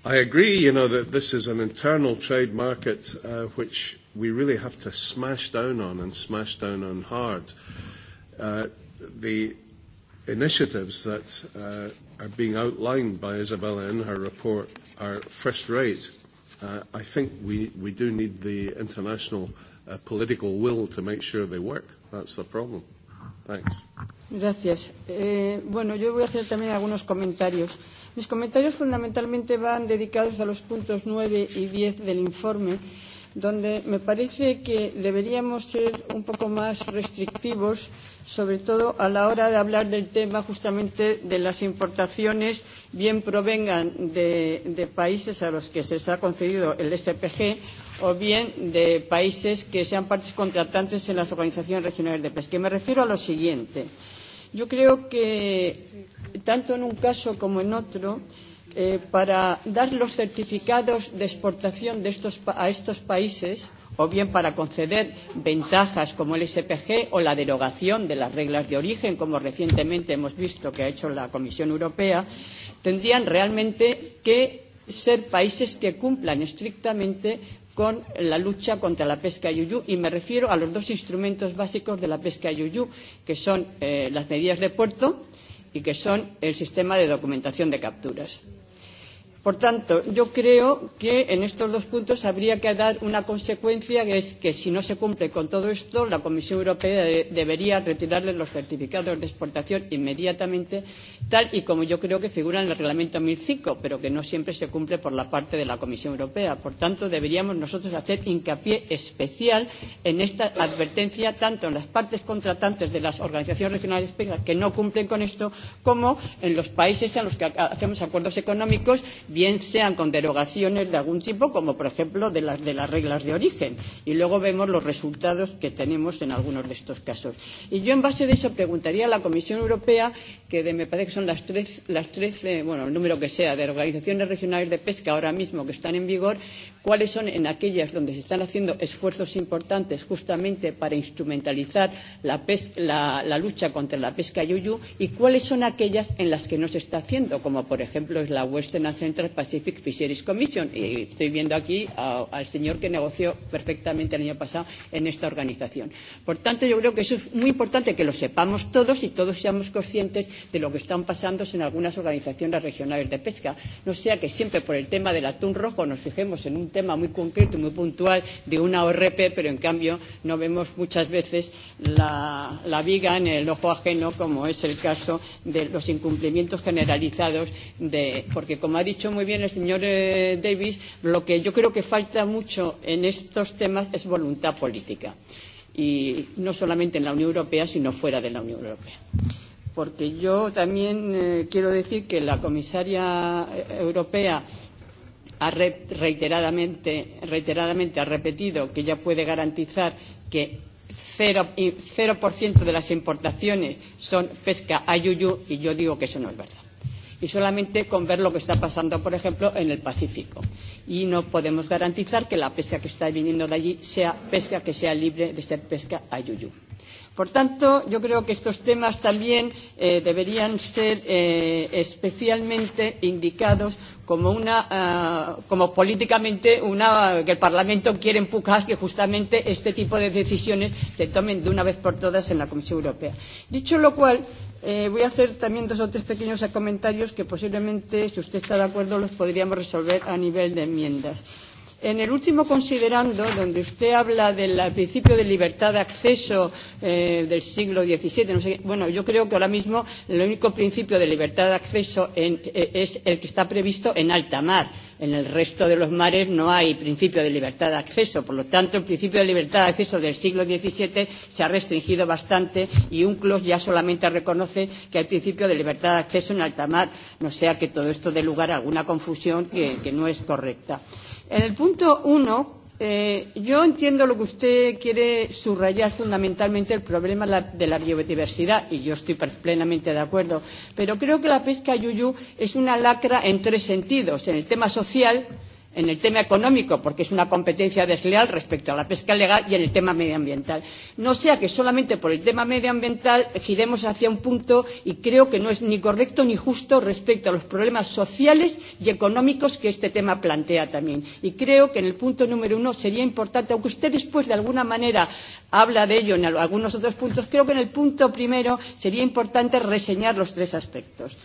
B: I agree, you know, that this is an internal trade market uh, which we really have to smash down on and smash down on hard. Uh, the initiatives that uh, are being outlined by Isabella in her report are first rate. Uh, I think we, we do need the international uh, political will to make sure they work. That's the problem. Thanks.
A: Gracias. Eh, bueno, yo voy a hacer también algunos comentarios. Mis comentarios fundamentalmente van dedicados a los puntos 9 y 10 del informe donde me parece que deberíamos ser un poco más restrictivos, sobre todo a la hora de hablar del tema justamente de las importaciones, bien provengan de, de países a los que se les ha concedido el SPG o bien de países que sean partes contratantes en las organizaciones regionales de pesca. Me refiero a lo siguiente. Yo creo que tanto en un caso como en otro, eh, para dar los certificados de exportación de estos, a estos países o bien para conceder ventajas como el SPG o la derogación de las reglas de origen, como recientemente hemos visto que ha hecho la Comisión Europea, tendrían realmente que ser países que cumplan estrictamente con la lucha contra la pesca yuyú y me refiero a los dos instrumentos básicos de la pesca yuyú, que son eh, las medidas de puerto y que son el sistema de documentación de capturas. Por tanto, yo creo que en estos dos puntos habría que dar una consecuencia, que es que si no se cumple con todo esto, la Comisión Europea de, debería retirarle los certificados de exportación inmediatamente, tal y como yo creo que figura en el Reglamento 1005, pero que no siempre se cumple por la parte de la Comisión Europea. Por tanto, deberíamos nosotros hacer hincapié especial en esta advertencia, tanto en las partes contratantes de las organizaciones regionales que no cumplen con esto, como en los países en los que hacemos acuerdos económicos, bien sean con derogaciones de algún tipo, como por ejemplo de las, de las reglas de origen. Y luego vemos los resultados que tenemos en algunos de estos casos. Y yo en base de eso preguntaría a la Comisión Europea, que de, me parece que son las, tres, las 13, bueno, el número que sea, de organizaciones regionales de pesca ahora mismo que están en vigor, cuáles son en aquellas donde se están haciendo esfuerzos importantes justamente para instrumentalizar la, la, la lucha contra la pesca yuyu y cuáles son aquellas en las que no se está haciendo, como por ejemplo es la Western and Central Pacific Fisheries Commission. Y estoy viendo aquí al señor que negoció perfectamente el año pasado en esta organización. Por tanto, yo creo que eso es muy importante que lo sepamos todos y todos seamos conscientes de lo que están pasando en algunas organizaciones regionales de pesca. No sea que siempre por el tema del atún rojo nos fijemos en un un tema muy concreto, muy puntual de una ORP, pero en cambio no vemos muchas veces la, la viga en el ojo ajeno, como es el caso de los incumplimientos generalizados, de, porque como ha dicho muy bien el señor eh, Davis, lo que yo creo que falta mucho en estos temas es voluntad política y no solamente en la Unión Europea, sino fuera de la Unión Europea. Porque yo también eh, quiero decir que la comisaria europea ha reiteradamente, reiteradamente ha repetido que ya puede garantizar que cero, por ciento de las importaciones son pesca a y yo digo que eso no es verdad. Y solamente con ver lo que está pasando, por ejemplo, en el Pacífico. Y no podemos garantizar que la pesca que está viniendo de allí sea pesca que sea libre de ser pesca a Por tanto, yo creo que estos temas también eh, deberían ser eh, especialmente indicados como una uh, como políticamente una que el Parlamento quiere empujar que justamente este tipo de decisiones se tomen de una vez por todas en la Comisión Europea. Dicho lo cual, eh, voy a hacer también dos o tres pequeños comentarios que posiblemente, si usted está de acuerdo, los podríamos resolver a nivel de enmiendas. En el último considerando, donde usted habla del principio de libertad de acceso eh, del siglo XVII, no sé, bueno, yo creo que ahora mismo el único principio de libertad de acceso en, eh, es el que está previsto en alta mar. En el resto de los mares no hay principio de libertad de acceso. Por lo tanto, el principio de libertad de acceso del siglo XVII se ha restringido bastante y UNCLOS ya solamente reconoce que hay principio de libertad de acceso en alta mar. No sea que todo esto dé lugar a alguna confusión que, que no es correcta. En el punto uno, eh, yo entiendo lo que usted quiere subrayar fundamentalmente el problema de la biodiversidad y yo estoy plenamente de acuerdo, pero creo que la pesca yuyu es una lacra en tres sentidos, en el tema social, en el tema económico, porque es una competencia desleal respecto a la pesca legal, y en el tema medioambiental. No sea que solamente por el tema medioambiental giremos hacia un punto y creo que no es ni correcto ni justo respecto a los problemas sociales y económicos que este tema plantea también. Y creo que en el punto número uno sería importante, aunque usted después de alguna manera habla de ello en algunos otros puntos, creo que en el punto primero sería importante reseñar los tres aspectos.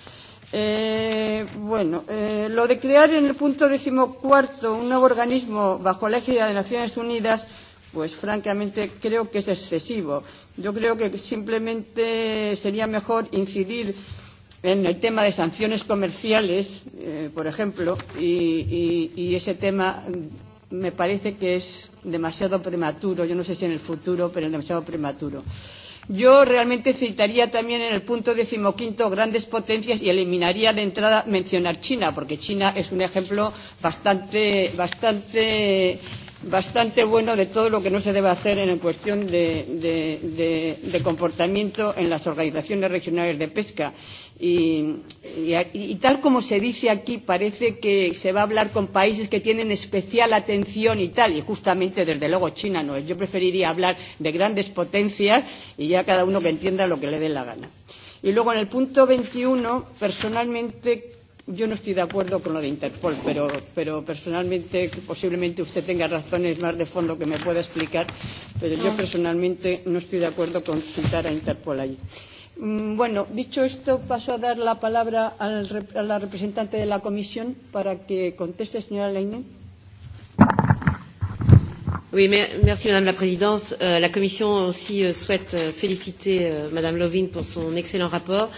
A: Eh, bueno, eh, lo de crear en el punto decimocuarto un nuevo organismo bajo la égida de Naciones Unidas, pues francamente creo que es excesivo. Yo creo que simplemente sería mejor incidir en el tema de sanciones comerciales, eh, por ejemplo, y, y, y ese tema me parece que es demasiado prematuro. Yo no sé si en el futuro, pero es demasiado prematuro. Yo realmente citaría también en el punto decimoquinto grandes potencias y eliminaría de entrada mencionar China, porque China es un ejemplo bastante, bastante bastante bueno de todo lo que no se debe hacer en cuestión de, de, de, de comportamiento en las organizaciones regionales de pesca. Y, y, y tal como se dice aquí, parece que se va a hablar con países que tienen especial atención y tal, y justamente desde luego China no es. Yo preferiría hablar de grandes potencias y ya cada uno que entienda lo que le dé la gana. Y luego en el punto 21, personalmente yo no estoy de acuerdo con lo de Interpol, pero, pero personalmente posiblemente usted tenga razones más de fondo que me pueda explicar, pero yo personalmente no estoy de acuerdo con citar a Interpol allí. Bueno, dicho esto, paso a dar la palabra al, a la representante de la comisión para que conteste, señora Leinen
M: merci Madame la Présidente. la Commission aussi souhaite féliciter Madame lvin pour son excellent rapport.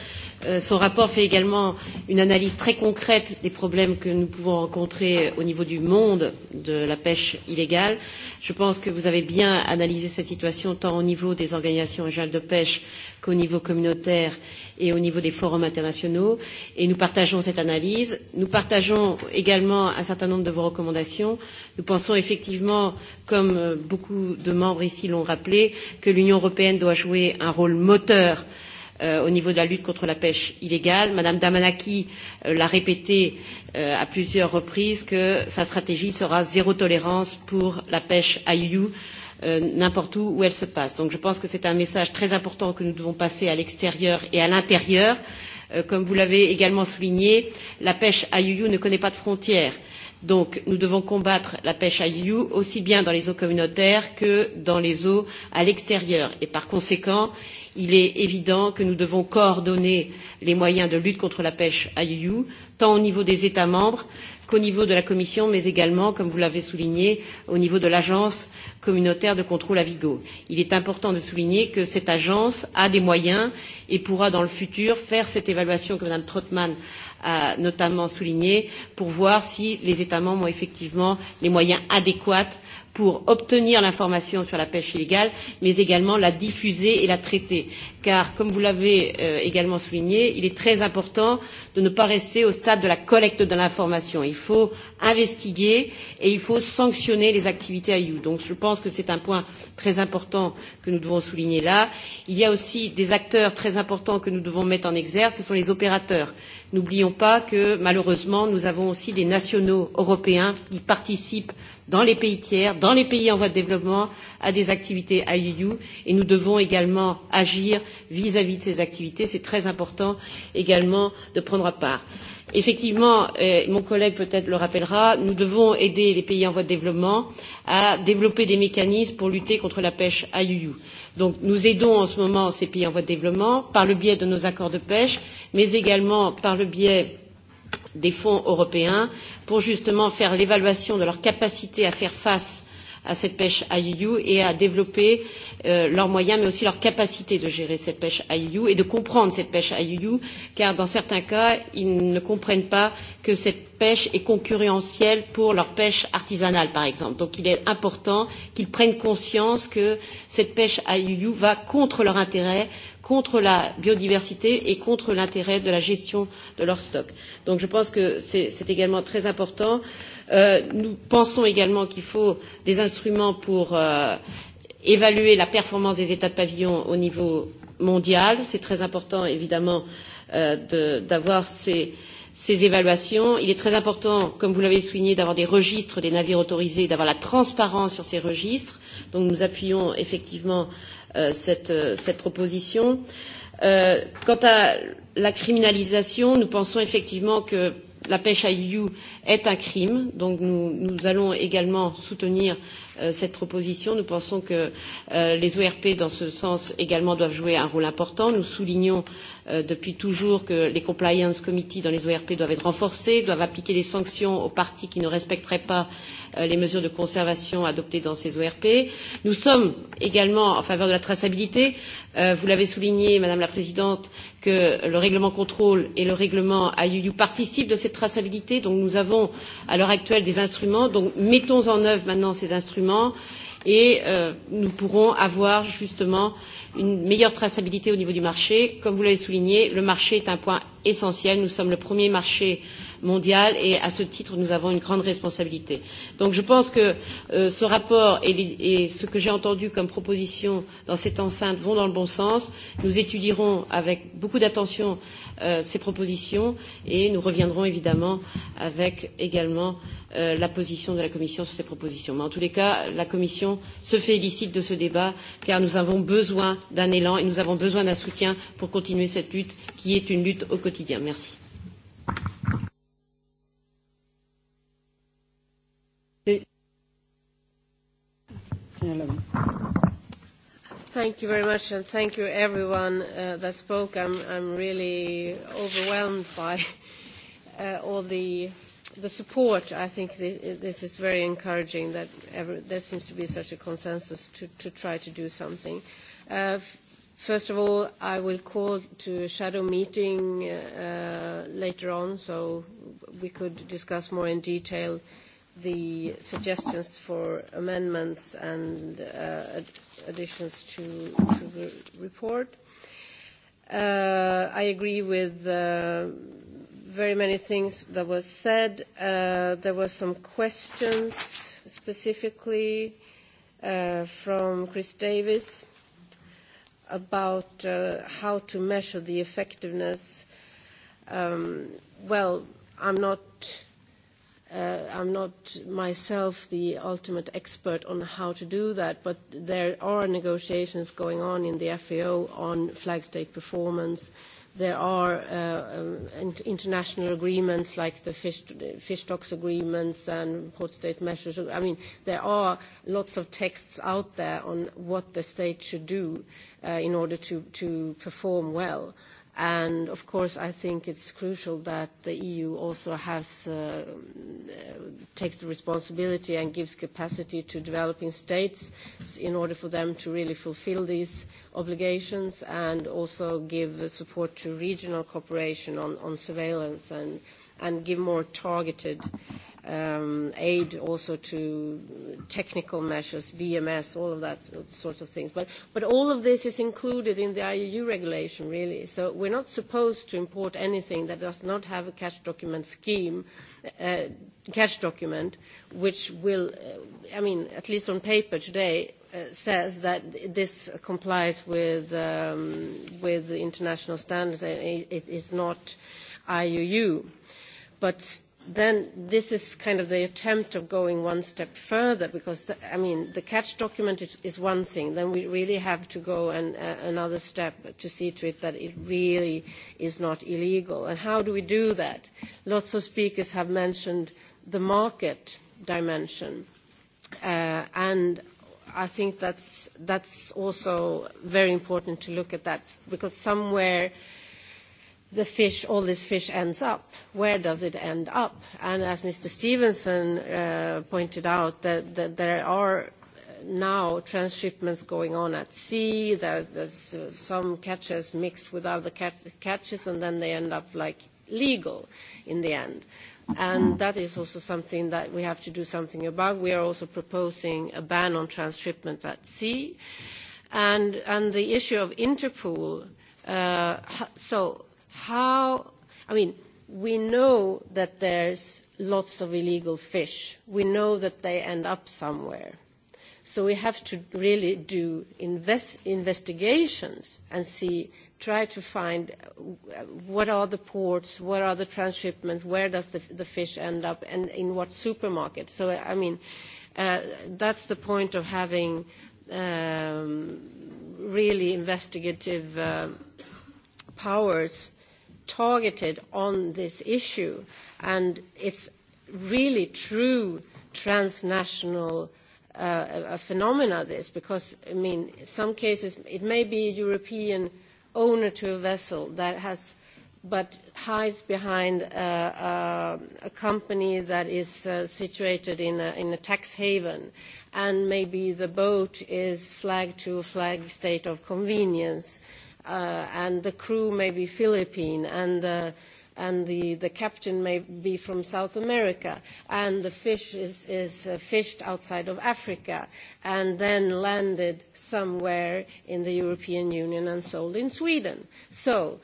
M: son rapport fait également une analyse très concrète des problèmes que nous pouvons rencontrer au niveau du monde de la pêche illégale. Je pense que vous avez bien analysé cette situation tant au niveau des organisations régionales de pêche qu'au niveau communautaire et et au niveau des forums internationaux. Et nous partageons cette analyse. Nous partageons également un certain nombre de vos recommandations. Nous pensons effectivement, comme beaucoup de membres ici l'ont rappelé, que l'Union européenne doit jouer un rôle moteur au niveau de la lutte contre la pêche illégale. Madame Damanaki l'a répété à plusieurs reprises que sa stratégie sera zéro tolérance pour la pêche à IUU n'importe où où elle se passe. Donc je pense que c'est un message très important que nous devons passer à l'extérieur et à l'intérieur. comme vous l'avez également souligné, la pêche à Yuyu ne connaît pas de frontières. Donc nous devons combattre la pêche à Yuyu aussi bien dans les eaux communautaires que dans les eaux à l'extérieur. Et par conséquent, il est évident que nous devons coordonner les moyens de lutte contre la pêche à Yuyu, tant au niveau des États membres qu'au niveau de la Commission, mais également, comme vous l'avez souligné, au niveau de l'Agence communautaire de contrôle à Vigo. Il est important de souligner que cette agence a des moyens et pourra dans le futur faire cette évaluation que Mme Trottmann a notamment soulignée pour voir si les États membres ont effectivement les moyens adéquats pour obtenir l'information sur la pêche illégale, mais également la diffuser et la traiter. Car, comme vous l'avez euh, également souligné, il est très important de ne pas rester au stade de la collecte de l'information. Il faut investiguer et il faut sanctionner les activités IU. Donc, je pense que c'est un point très important que nous devons souligner là. Il y a aussi des acteurs très importants que nous devons mettre en exergue, ce sont les opérateurs. N'oublions pas que, malheureusement, nous avons aussi des nationaux européens qui participent dans les pays tiers, dans les pays en voie de développement, à des activités IUU et nous devons également agir vis-à-vis de ces activités. C'est très important également de prendre part. Effectivement, et mon collègue peut-être le rappellera, nous devons aider les pays en voie de développement à développer des mécanismes pour lutter contre la pêche IUU. Donc nous aidons en ce moment ces pays en voie de développement par le biais de nos accords de pêche, mais également par le biais des fonds européens pour justement faire l'évaluation de leur capacité à faire face à cette pêche IUU et à développer leurs moyens mais aussi leur capacité de gérer cette pêche IUU et de comprendre cette pêche IUU car dans certains cas ils ne comprennent pas que cette pêche est concurrentielle pour leur pêche artisanale par exemple. Donc il est important qu'ils prennent conscience que cette pêche IUU va contre leur intérêt contre la biodiversité et contre l'intérêt de la gestion de leurs stocks. Donc je pense que c'est également très important. Euh, nous pensons également qu'il faut des instruments pour euh, évaluer la performance des États de pavillon au niveau mondial. C'est très important, évidemment, euh, d'avoir ces, ces évaluations. Il est très important, comme vous l'avez souligné, d'avoir des registres des navires autorisés, d'avoir la transparence sur ces registres. Donc nous appuyons effectivement euh, cette, cette proposition. Euh, quant à la criminalisation, nous pensons effectivement que la pêche à IU est un crime, donc nous, nous allons également soutenir euh, cette proposition. Nous pensons que les ORP, dans ce sens également, doivent jouer un rôle important. Nous soulignons depuis toujours que les compliance committees dans les ORP doivent être renforcés, doivent appliquer des sanctions aux parties qui ne respecteraient pas les mesures de conservation adoptées dans ces ORP. Nous sommes également en faveur de la traçabilité. vous l'avez souligné, Madame la Présidente, que le règlement contrôle et le règlement IUU participent de cette traçabilité. Donc nous avons à l'heure actuelle des instruments. Donc mettons en œuvre maintenant ces instruments documents et euh, nous pourrons avoir justement une meilleure traçabilité au niveau du marché. Comme vous l'avez souligné, le marché est un point essentiel. Nous sommes le premier marché mondial et à ce titre, nous avons une grande responsabilité. Donc je pense que euh, ce rapport et, les, et ce que j'ai entendu comme proposition dans cette enceinte vont dans le bon sens. Nous étudierons avec beaucoup d'attention euh, ces propositions et nous reviendrons évidemment avec également euh, la position de la Commission sur ces propositions. Mais en tous les cas, la Commission se félicite de ce débat car nous avons besoin d'un élan et nous avons besoin d'un soutien pour continuer cette lutte qui est une lutte au quotidien. Merci.
C: Thank you very much, and thank you everyone uh, that spoke. I'm, I'm really overwhelmed by uh, all the the support, I think this is very encouraging that ever, there seems to be such a consensus to, to try to do something. Uh, first of all, I will call to a shadow meeting uh, later on so we could discuss more in detail the suggestions for amendments and uh, additions to, to the report. Uh, I agree with uh, very many things that were said. There were some questions specifically from Chris Davis about how to measure the effectiveness. Well, I'm not I'm not myself the ultimate expert on how to do that, but there are negotiations going on in the FAO on flag state performance, There are international agreements like the fish stocks agreements and port state measures. I mean, there are lots of texts out there on what the state should do in order to perform well And of course, I think it's crucial that the EU also has takes the responsibility and gives capacity to developing states in order for them to really fulfill these obligations and also give support to regional cooperation on surveillance and give more targeted aid also to technical measures, VMS, all of that sorts of things. But all of this is included in the IUU regulation, really. So we're not supposed to import anything that does not have a cash document scheme, cash document, which will, I mean, at least on paper today, says that this complies with the international standards, and it is not IUU. But then this is kind of the attempt of going one step further because the, I mean the catch document is, is one thing then we really have to go an, uh, another step to see to it that it really is not illegal and how do we do that lots of speakers have mentioned the market dimension uh, and I think that's that's also very important to look at that because somewhere uh, the fish, all this fish ends up. Where does it end up? And as Mr. Stevenson uh, pointed out, that, that there are now transshipments going on at sea. There, there's uh, some catches mixed with other catches, and then they end up like legal in the end. And that is also something that we have to do something about. We are also proposing a ban on transshipment at sea. And, and the issue of Interpol, uh, so how, I mean, we know that there's lots of illegal fish. We know that they end up somewhere. So we have to really do invest, investigations and see, try to find what are the ports, what are the transshipments, where does the, the fish end up, and in what supermarket. So, I mean, uh, that's the point of having um, really investigative uh, powers targeted on this issue, and it's really true transnational uh, phenomena, this, because, I mean, in some cases it may be a European owner to a vessel that has but hides behind a company that is situated in a tax haven, and maybe the boat is flagged to a flag state of convenience uh, and the crew may be Philippine, and the and the, the captain may be from South America, and the fish is, is uh, fished outside of Africa, and then landed somewhere in the European Union and sold in Sweden. So,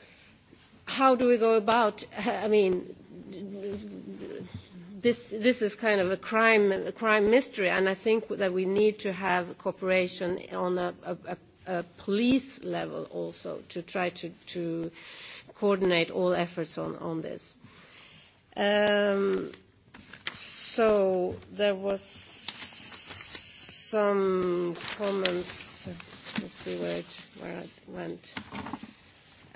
C: how do we go about? I mean, this this is kind of a crime a crime mystery, and I think that we need to have cooperation on a, a, a police level also to try to, to coordinate all efforts on, on this. Um, so there was some comments. Let's see where it, where it went.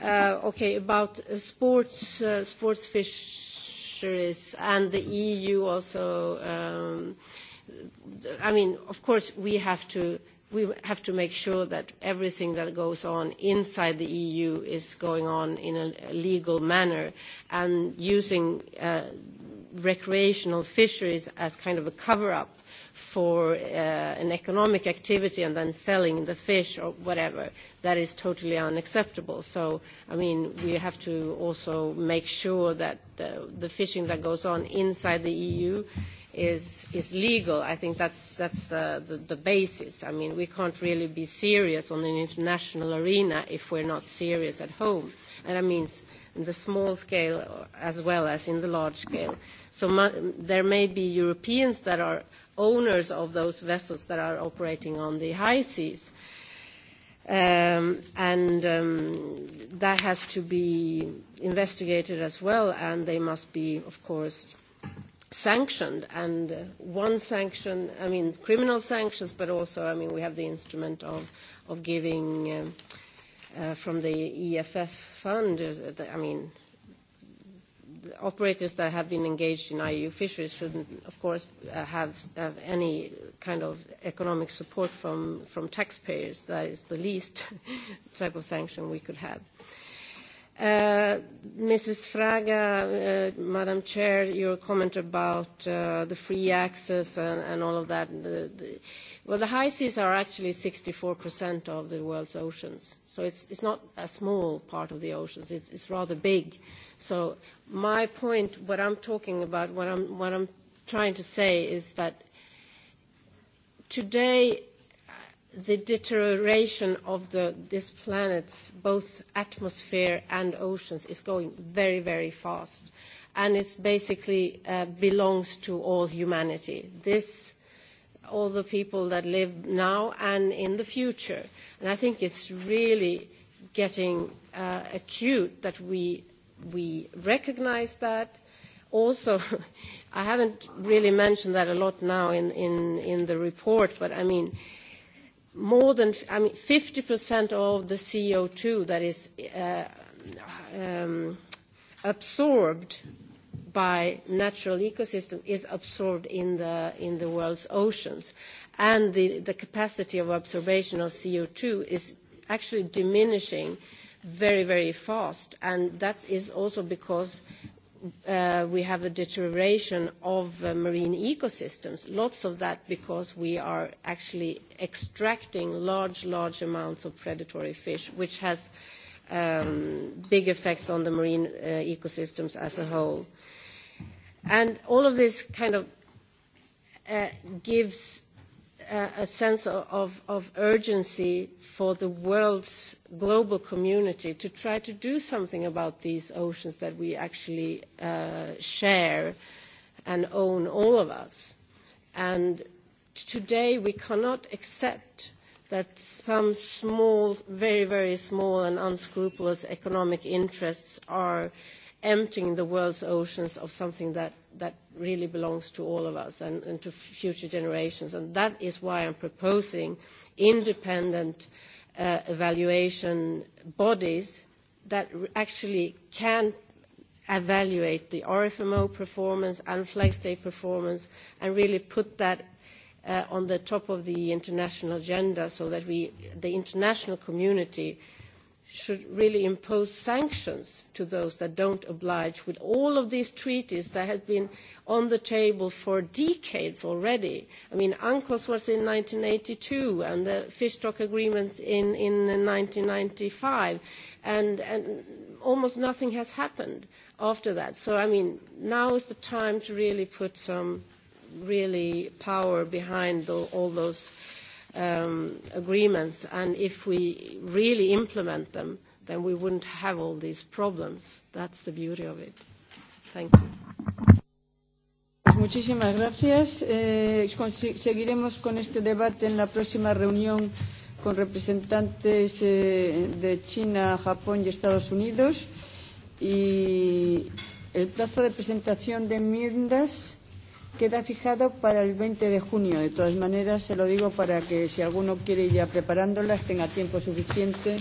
C: Uh, okay, about sports, uh, sports fisheries and the EU also. Um, I mean, of course, we have to we have to make sure that everything that goes on inside the EU is going on in a legal manner and using recreational fisheries as kind of a cover-up for an economic activity and then selling the fish or whatever, that is totally unacceptable. So, I mean, we have to also make sure that the, the fishing that goes on inside the EU is is legal. I think that's that's the, the, the basis. I mean, we can't really be serious on an international arena if we're not serious at home, and that means in the small scale as well as in the large scale. So there may be Europeans that are owners of those vessels that are operating on the high seas. and that has to be investigated as well, and they must be, of course, sanctioned and one sanction i mean criminal sanctions but also i mean we have the instrument of of giving um uh, from the EFF fund i mean the operators that have been engaged in IU fisheries shouldn't of course uh have, have any kind of economic support from from taxpayers that is the least type of sanction we could have uh, Mrs. Fraga, Madam Chair, your comment about the free access and all of that. Well, the high seas are actually 64% of the world's oceans, so it's not a small part of the oceans. It's rather big. So my point, what I'm talking about, what I'm trying to say is that today the deterioration of the, this planet's both atmosphere and oceans is going very, very fast. And it basically uh, belongs to all humanity. This, all the people that live now and in the future. And I think it's really getting uh, acute that we, we recognize that. Also, I haven't really mentioned that a lot now in, in, in the report, but I mean, more than I mean 50% of the CO2 that is absorbed by natural ecosystem is absorbed in the in the world's oceans, and the the capacity of absorption of CO2 is actually diminishing very very fast, and that is also because we have a deterioration of marine ecosystems. Lots of that because we are actually extracting large, large amounts of predatory fish, which has big effects on the marine ecosystems as a whole. And all of this kind of gives a sense of, of urgency for the world's global community to try to do something about these oceans that we actually uh, share and own, all of us. And today we cannot accept that some small, very, very small and unscrupulous economic interests are uh, emptying the world's oceans of something that, that really belongs to all of us and, and to future generations. And that is why I'm proposing independent uh, evaluation bodies that actually can evaluate the RFMO performance and flag state performance and really put that uh, on the top of the international agenda so that we, the international community should really impose sanctions to those that don't oblige with all of these treaties that have been on the table for decades already. I mean, UNCLOS was in eighty two and the Fish stock agreements in, in ninety five and, and almost nothing has happened after that. So, I mean, now is the time to really put some really power behind all those agreements, and if we really implement them, then we wouldn't have all these problems. That's the beauty of it.
A: Thank you. Muchísimas gracias. seguiremos con este debate en la próxima reunión con representantes de China, Japón y Estados Unidos. Y el plazo de presentación de enmiendas queda fijado para el 20 de junio. De todas maneras, se lo digo para que si alguno quiere ir ya preparándolas, tenga tiempo suficiente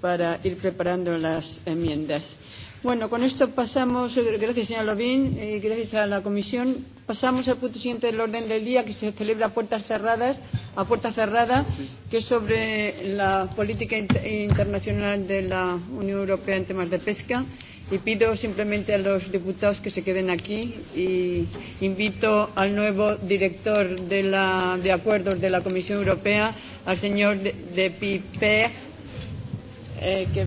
A: para ir preparando las enmiendas. Bueno, con esto pasamos, gracias señora Lovín, y gracias a la comisión. Pasamos al punto siguiente del orden del día que se celebra a puertas cerradas, a puerta cerrada, que es sobre la política internacional de la Unión Europea en temas de pesca. Y pido simplemente a los diputados que se queden aquí y invito al nuevo director de, la, de acuerdos de la Comisión Europea, al señor de, de Piper, eh, que